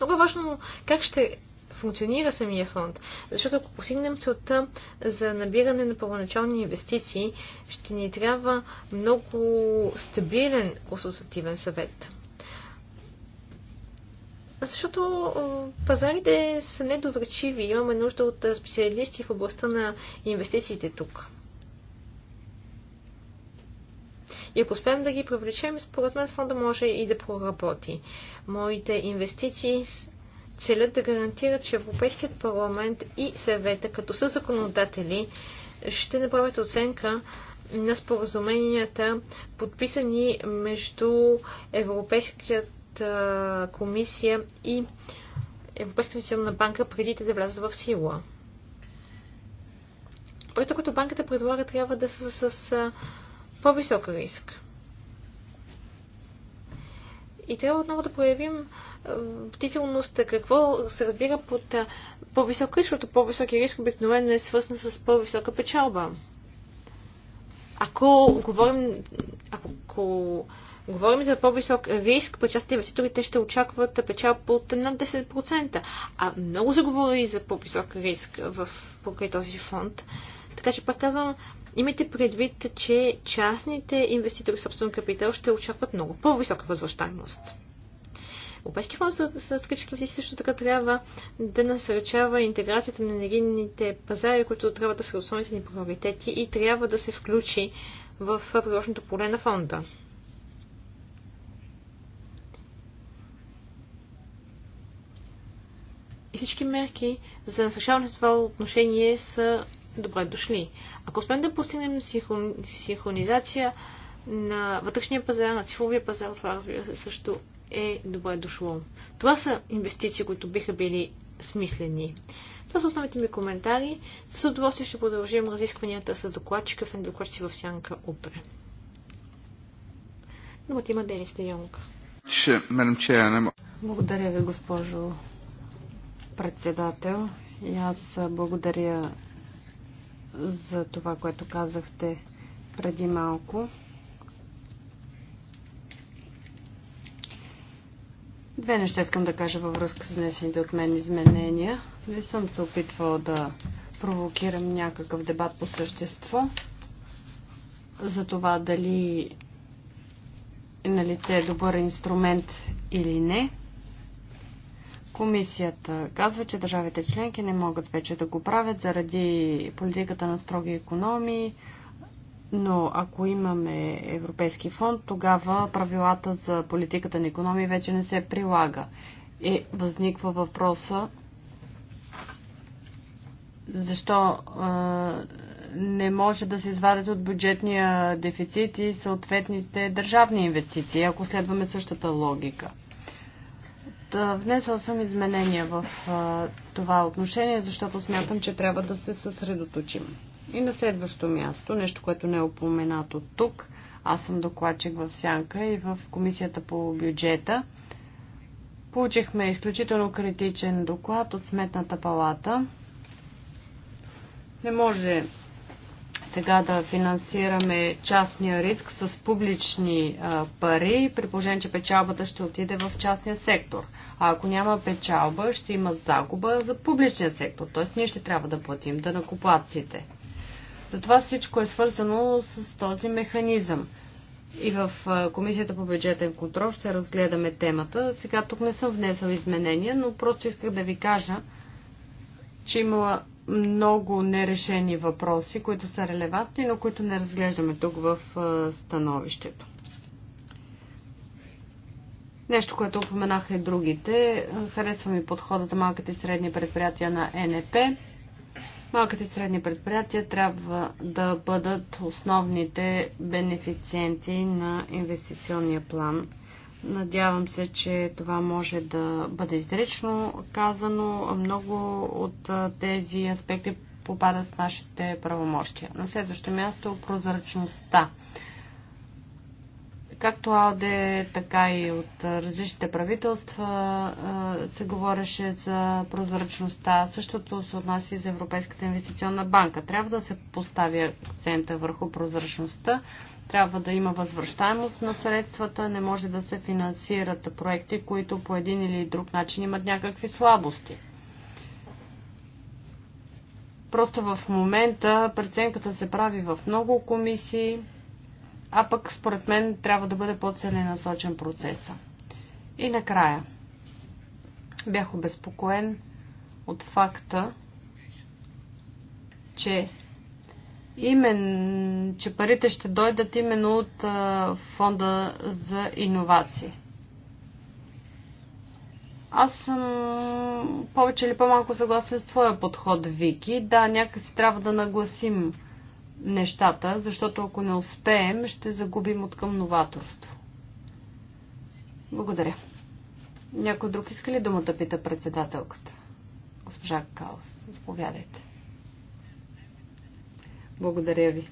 Speaker 2: Много е важно как ще функционира самия фонд. Защото ако постигнем целта за набиране на първоначални инвестиции, ще ни трябва много стабилен консултативен съвет. Защото пазарите са недоверчиви. Имаме нужда от специалисти в областта на инвестициите тук. И ако успеем да ги привлечем, според мен фонда може и да проработи. Моите инвестиции целят да гарантират, че Европейският парламент и съвета, като са законодатели, ще направят оценка на споразуменията, подписани между Европейският Европейската комисия и Европейската инвестиционна банка преди да влязат в сила. Проекта, който банката предлага, трябва да са с, с по-висок риск. И трябва отново да проявим бдителността. Какво се разбира под по-висок риск, защото по-високи риск обикновено е свързан с по-висока печалба. Ако говорим, ако говорим за по-висок риск, почастите инвеститорите ще очакват печал под над 10%. А много се говори за по-висок риск в покрай този фонд. Така че пак казвам, имайте предвид, че частните инвеститори в собствен капитал ще очакват много по-висока възвръщаемост. Европейския фонд за стратегически инвестиции също така трябва да насърчава интеграцията на енергийните пазари, които трябва да са основните ни приоритети и трябва да се включи в приложното поле на фонда. И всички мерки за насъщаване на това отношение са добре дошли. Ако успеем да постигнем синхронизация на вътрешния пазар, на цифровия пазар, това разбира се също е добре дошло. Това са инвестиции, които биха били смислени. Това са основните ми коментари. С удоволствие ще продължим разискванията с докладчика в докладчици в сянка утре. от има Денис не мога.
Speaker 1: Благодаря ви, госпожо председател. И аз благодаря за това, което казахте преди малко. Две неща искам да кажа във връзка с днесните от мен изменения. Не съм се опитвала да провокирам някакъв дебат по същество за това дали е на лице добър инструмент или не. Комисията казва, че държавите членки не могат вече да го правят заради политиката на строги економии, но ако имаме Европейски фонд, тогава правилата за политиката на економии вече не се прилага. И възниква въпроса защо а, не може да се извадят от бюджетния дефицит и съответните държавни инвестиции, ако следваме същата логика. Е, внесъл съм изменения в е, това отношение, защото смятам, че трябва да се съсредоточим. И на следващо място, нещо, което не е упоменато тук, аз съм докладчик в Сянка и в Комисията по бюджета. Получихме изключително критичен доклад от Сметната палата. Не може сега да финансираме частния риск с публични пари, при положение, че печалбата ще отиде в частния сектор. А ако няма печалба, ще има загуба за публичния сектор, т.е. ние ще трябва да платим да накоплаците. Затова всичко е свързано с този механизъм. И в Комисията по бюджетен контрол ще разгледаме темата. Сега тук не съм внесъл изменения, но просто исках да ви кажа, че има много нерешени въпроси, които са релевантни, но които не разглеждаме тук в становището. Нещо, което упоменаха и другите. Харесва ми подхода за малките и средни предприятия на НЕП. Малките и средни предприятия трябва да бъдат основните бенефициенти на инвестиционния план Надявам се, че това може да бъде изречно казано. Много от тези аспекти попадат в нашите правомощия. На следващо място прозрачността. Както АОДЕ, така и от различните правителства се говореше за прозрачността. Същото се отнася и за Европейската инвестиционна банка. Трябва да се постави акцента върху прозрачността, трябва да има възвръщаемост на средствата, не може да се финансират проекти, които по един или друг начин имат някакви слабости. Просто в момента преценката се прави в много комисии, а пък според мен трябва да бъде по-целенасочен процеса. И накрая бях обезпокоен от факта, че имен, че парите ще дойдат именно от фонда за иновации. Аз съм повече или по-малко съгласен с твоя подход, Вики. Да, някакси трябва да нагласим нещата, защото ако не успеем, ще загубим от към новаторство. Благодаря. Някой друг иска ли думата, пита председателката? Госпожа Калас, заповядайте. Благодаря ви.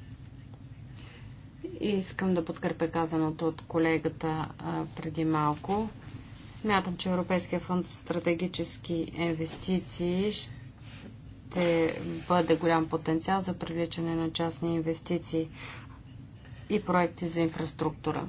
Speaker 1: И искам да подкрепя казаното от колегата а, преди малко. Смятам, че Европейския фонд за стратегически инвестиции ще бъде голям потенциал за привличане на частни инвестиции и проекти за инфраструктура.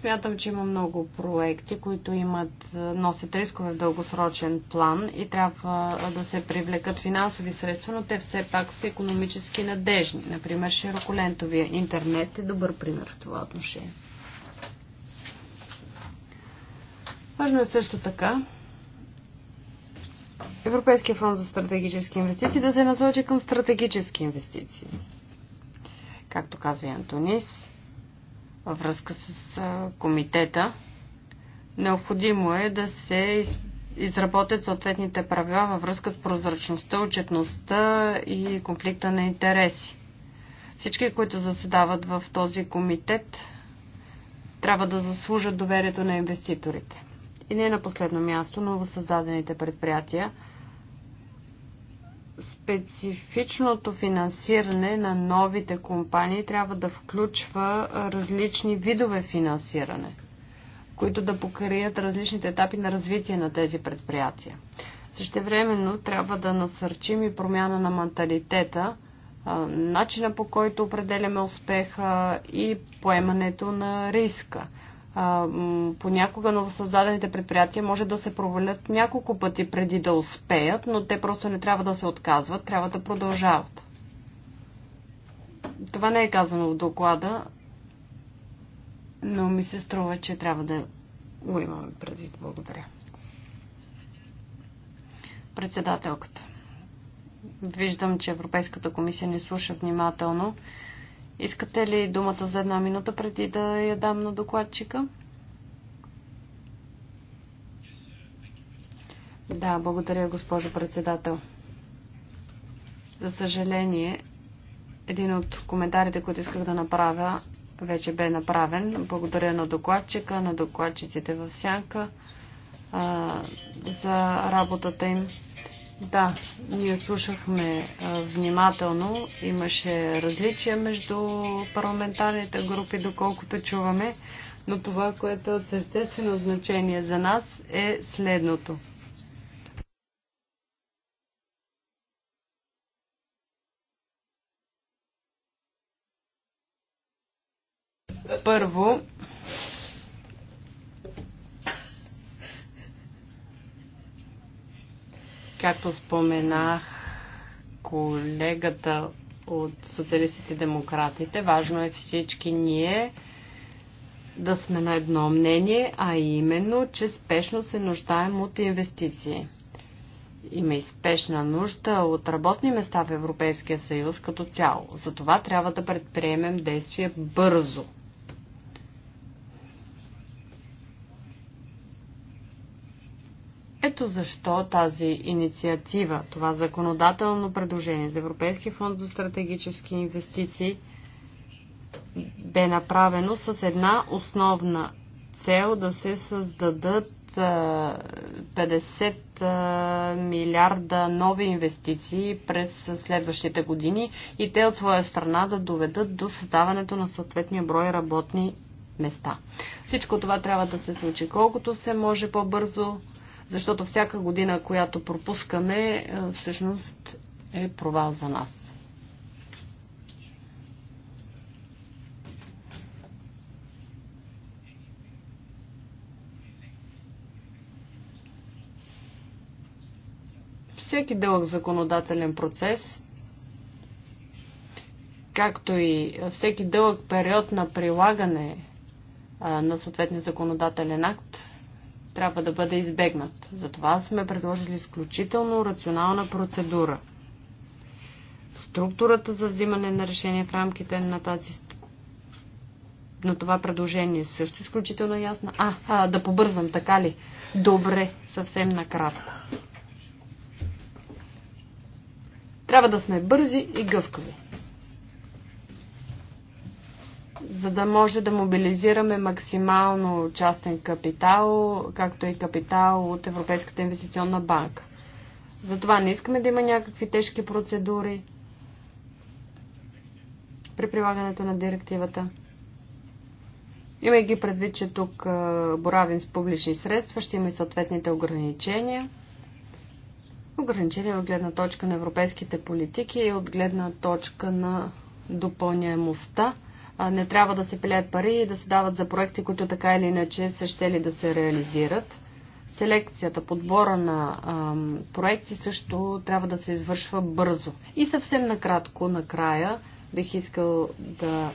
Speaker 1: Смятам, че има много проекти, които имат, носят рискове в дългосрочен план и трябва да се привлекат финансови средства, но те все пак са економически надежни. Например, широколентовия интернет е добър пример в това отношение. Важно е също така Европейския фонд за стратегически инвестиции да се насочи към стратегически инвестиции. Както каза и Антонис, във връзка с комитета. Необходимо е да се изработят съответните правила във връзка с прозрачността, отчетността и конфликта на интереси. Всички, които заседават в този комитет, трябва да заслужат доверието на инвеститорите. И не на последно място, но в създадените предприятия – специфичното финансиране на новите компании трябва да включва различни видове финансиране, които да покрият различните етапи на развитие на тези предприятия. Същевременно трябва да насърчим и промяна на менталитета, начина по който определяме успеха и поемането на риска а, понякога новосъздадените предприятия може да се провалят няколко пъти преди да успеят, но те просто не трябва да се отказват, трябва да продължават. Това не е казано в доклада, но ми се струва, че трябва да го имаме предвид. Благодаря. Председателката. Виждам, че Европейската комисия не слуша внимателно. Искате ли думата за една минута преди да я дам на докладчика? Да, благодаря, госпожо председател. За съжаление, един от коментарите, които исках да направя, вече бе направен. Благодаря на докладчика, на докладчиците в сянка а, за работата им. Да, ние слушахме внимателно. Имаше различия между парламентарните групи, доколкото чуваме, но това, което е от съществено значение за нас е следното. Първо, Както споменах колегата от социалистите и демократите, важно е всички ние да сме на едно мнение, а именно, че спешно се нуждаем от инвестиции. Има и спешна нужда от работни места в Европейския съюз като цяло. Затова трябва да предприемем действия бързо – Ето защо тази инициатива, това законодателно предложение за Европейски фонд за стратегически инвестиции бе направено с една основна цел да се създадат 50 е, е, милиарда нови инвестиции през следващите години и те от своя страна да доведат до създаването на съответния брой работни места. Всичко това трябва да се случи колкото се може по-бързо, защото всяка година, която пропускаме, е, всъщност е провал за нас. всеки дълъг законодателен процес, както и всеки дълъг период на прилагане на съответния законодателен акт, трябва да бъде избегнат. Затова сме предложили изключително рационална процедура. Структурата за взимане на решение в рамките на тази на това предложение също изключително ясна. А, а, да побързам, така ли? Добре, съвсем накратко. Трябва да сме бързи и гъвкави. за да може да мобилизираме максимално частен капитал, както и капитал от Европейската инвестиционна банка. Затова не искаме да има някакви тежки процедури при прилагането на директивата. Имайки предвид, че тук боравим с публични средства, ще има и съответните ограничения. Ограничения от гледна точка на европейските политики и от гледна точка на допълняемостта – не трябва да се пилеят пари и да се дават за проекти, които така или иначе са ще ли да се реализират. Селекцията, подбора на ам, проекти също трябва да се извършва бързо. И съвсем накратко, накрая, бих искал да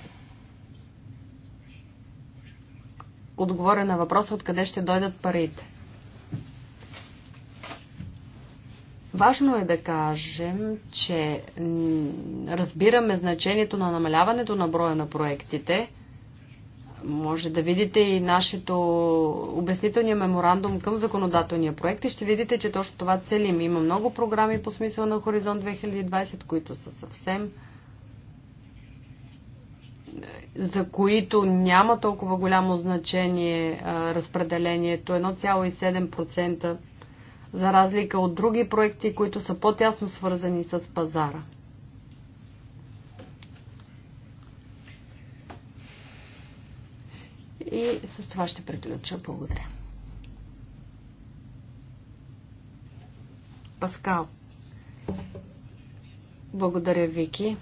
Speaker 1: отговоря на въпроса откъде ще дойдат парите. Важно е да кажем, че разбираме значението на намаляването на броя на проектите. Може да видите и нашето обяснителния меморандум към законодателния проект и ще видите, че точно това целим. Има много програми по смисъл на Хоризонт 2020, които са съвсем за които няма толкова голямо значение а, разпределението, 1,7% за разлика от други проекти, които са по-тясно свързани с пазара. И с това ще приключа. Благодаря. Паскал. Благодаря, Вики.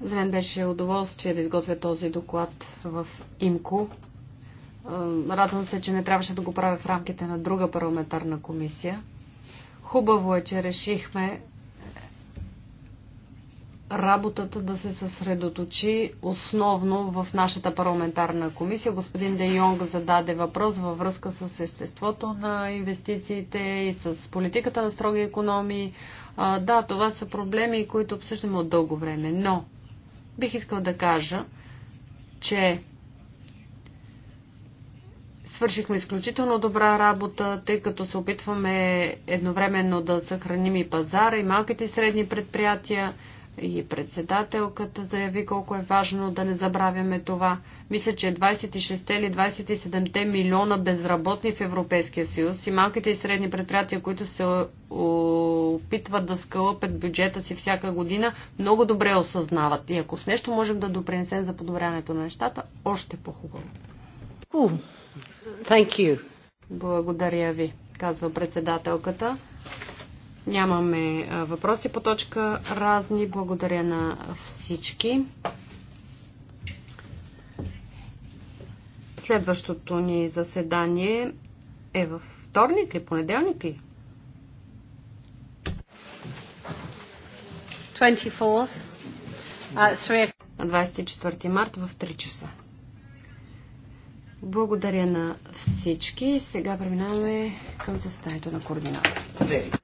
Speaker 1: За мен беше удоволствие да изготвя този доклад в ИМКО. Радвам се, че не трябваше да го правя в рамките на друга парламентарна комисия. Хубаво е, че решихме работата да се съсредоточи основно в нашата парламентарна комисия. Господин Де Йонг зададе въпрос във връзка с естеството на инвестициите и с политиката на строги економии. А, да, това са проблеми, които обсъждаме от дълго време, но бих искал да кажа, че Свършихме изключително добра работа, тъй като се опитваме едновременно да съхраним и пазара, и малките и средни предприятия, и председателката заяви колко е важно да не забравяме това. Мисля, че 26 или 27 милиона безработни в Европейския съюз и малките и средни предприятия, които се опитват да скълъпят бюджета си всяка година, много добре осъзнават. И ако с нещо можем да допринесем за подобряването на нещата, още по-хубаво. Thank you. Благодаря ви, казва председателката. Нямаме въпроси по точка разни. Благодаря на всички. Следващото ни заседание е във вторник ли, понеделник ли? 24 uh, на 24 март в 3 часа. Благодаря на всички. Сега преминаваме към заседанието на координатора.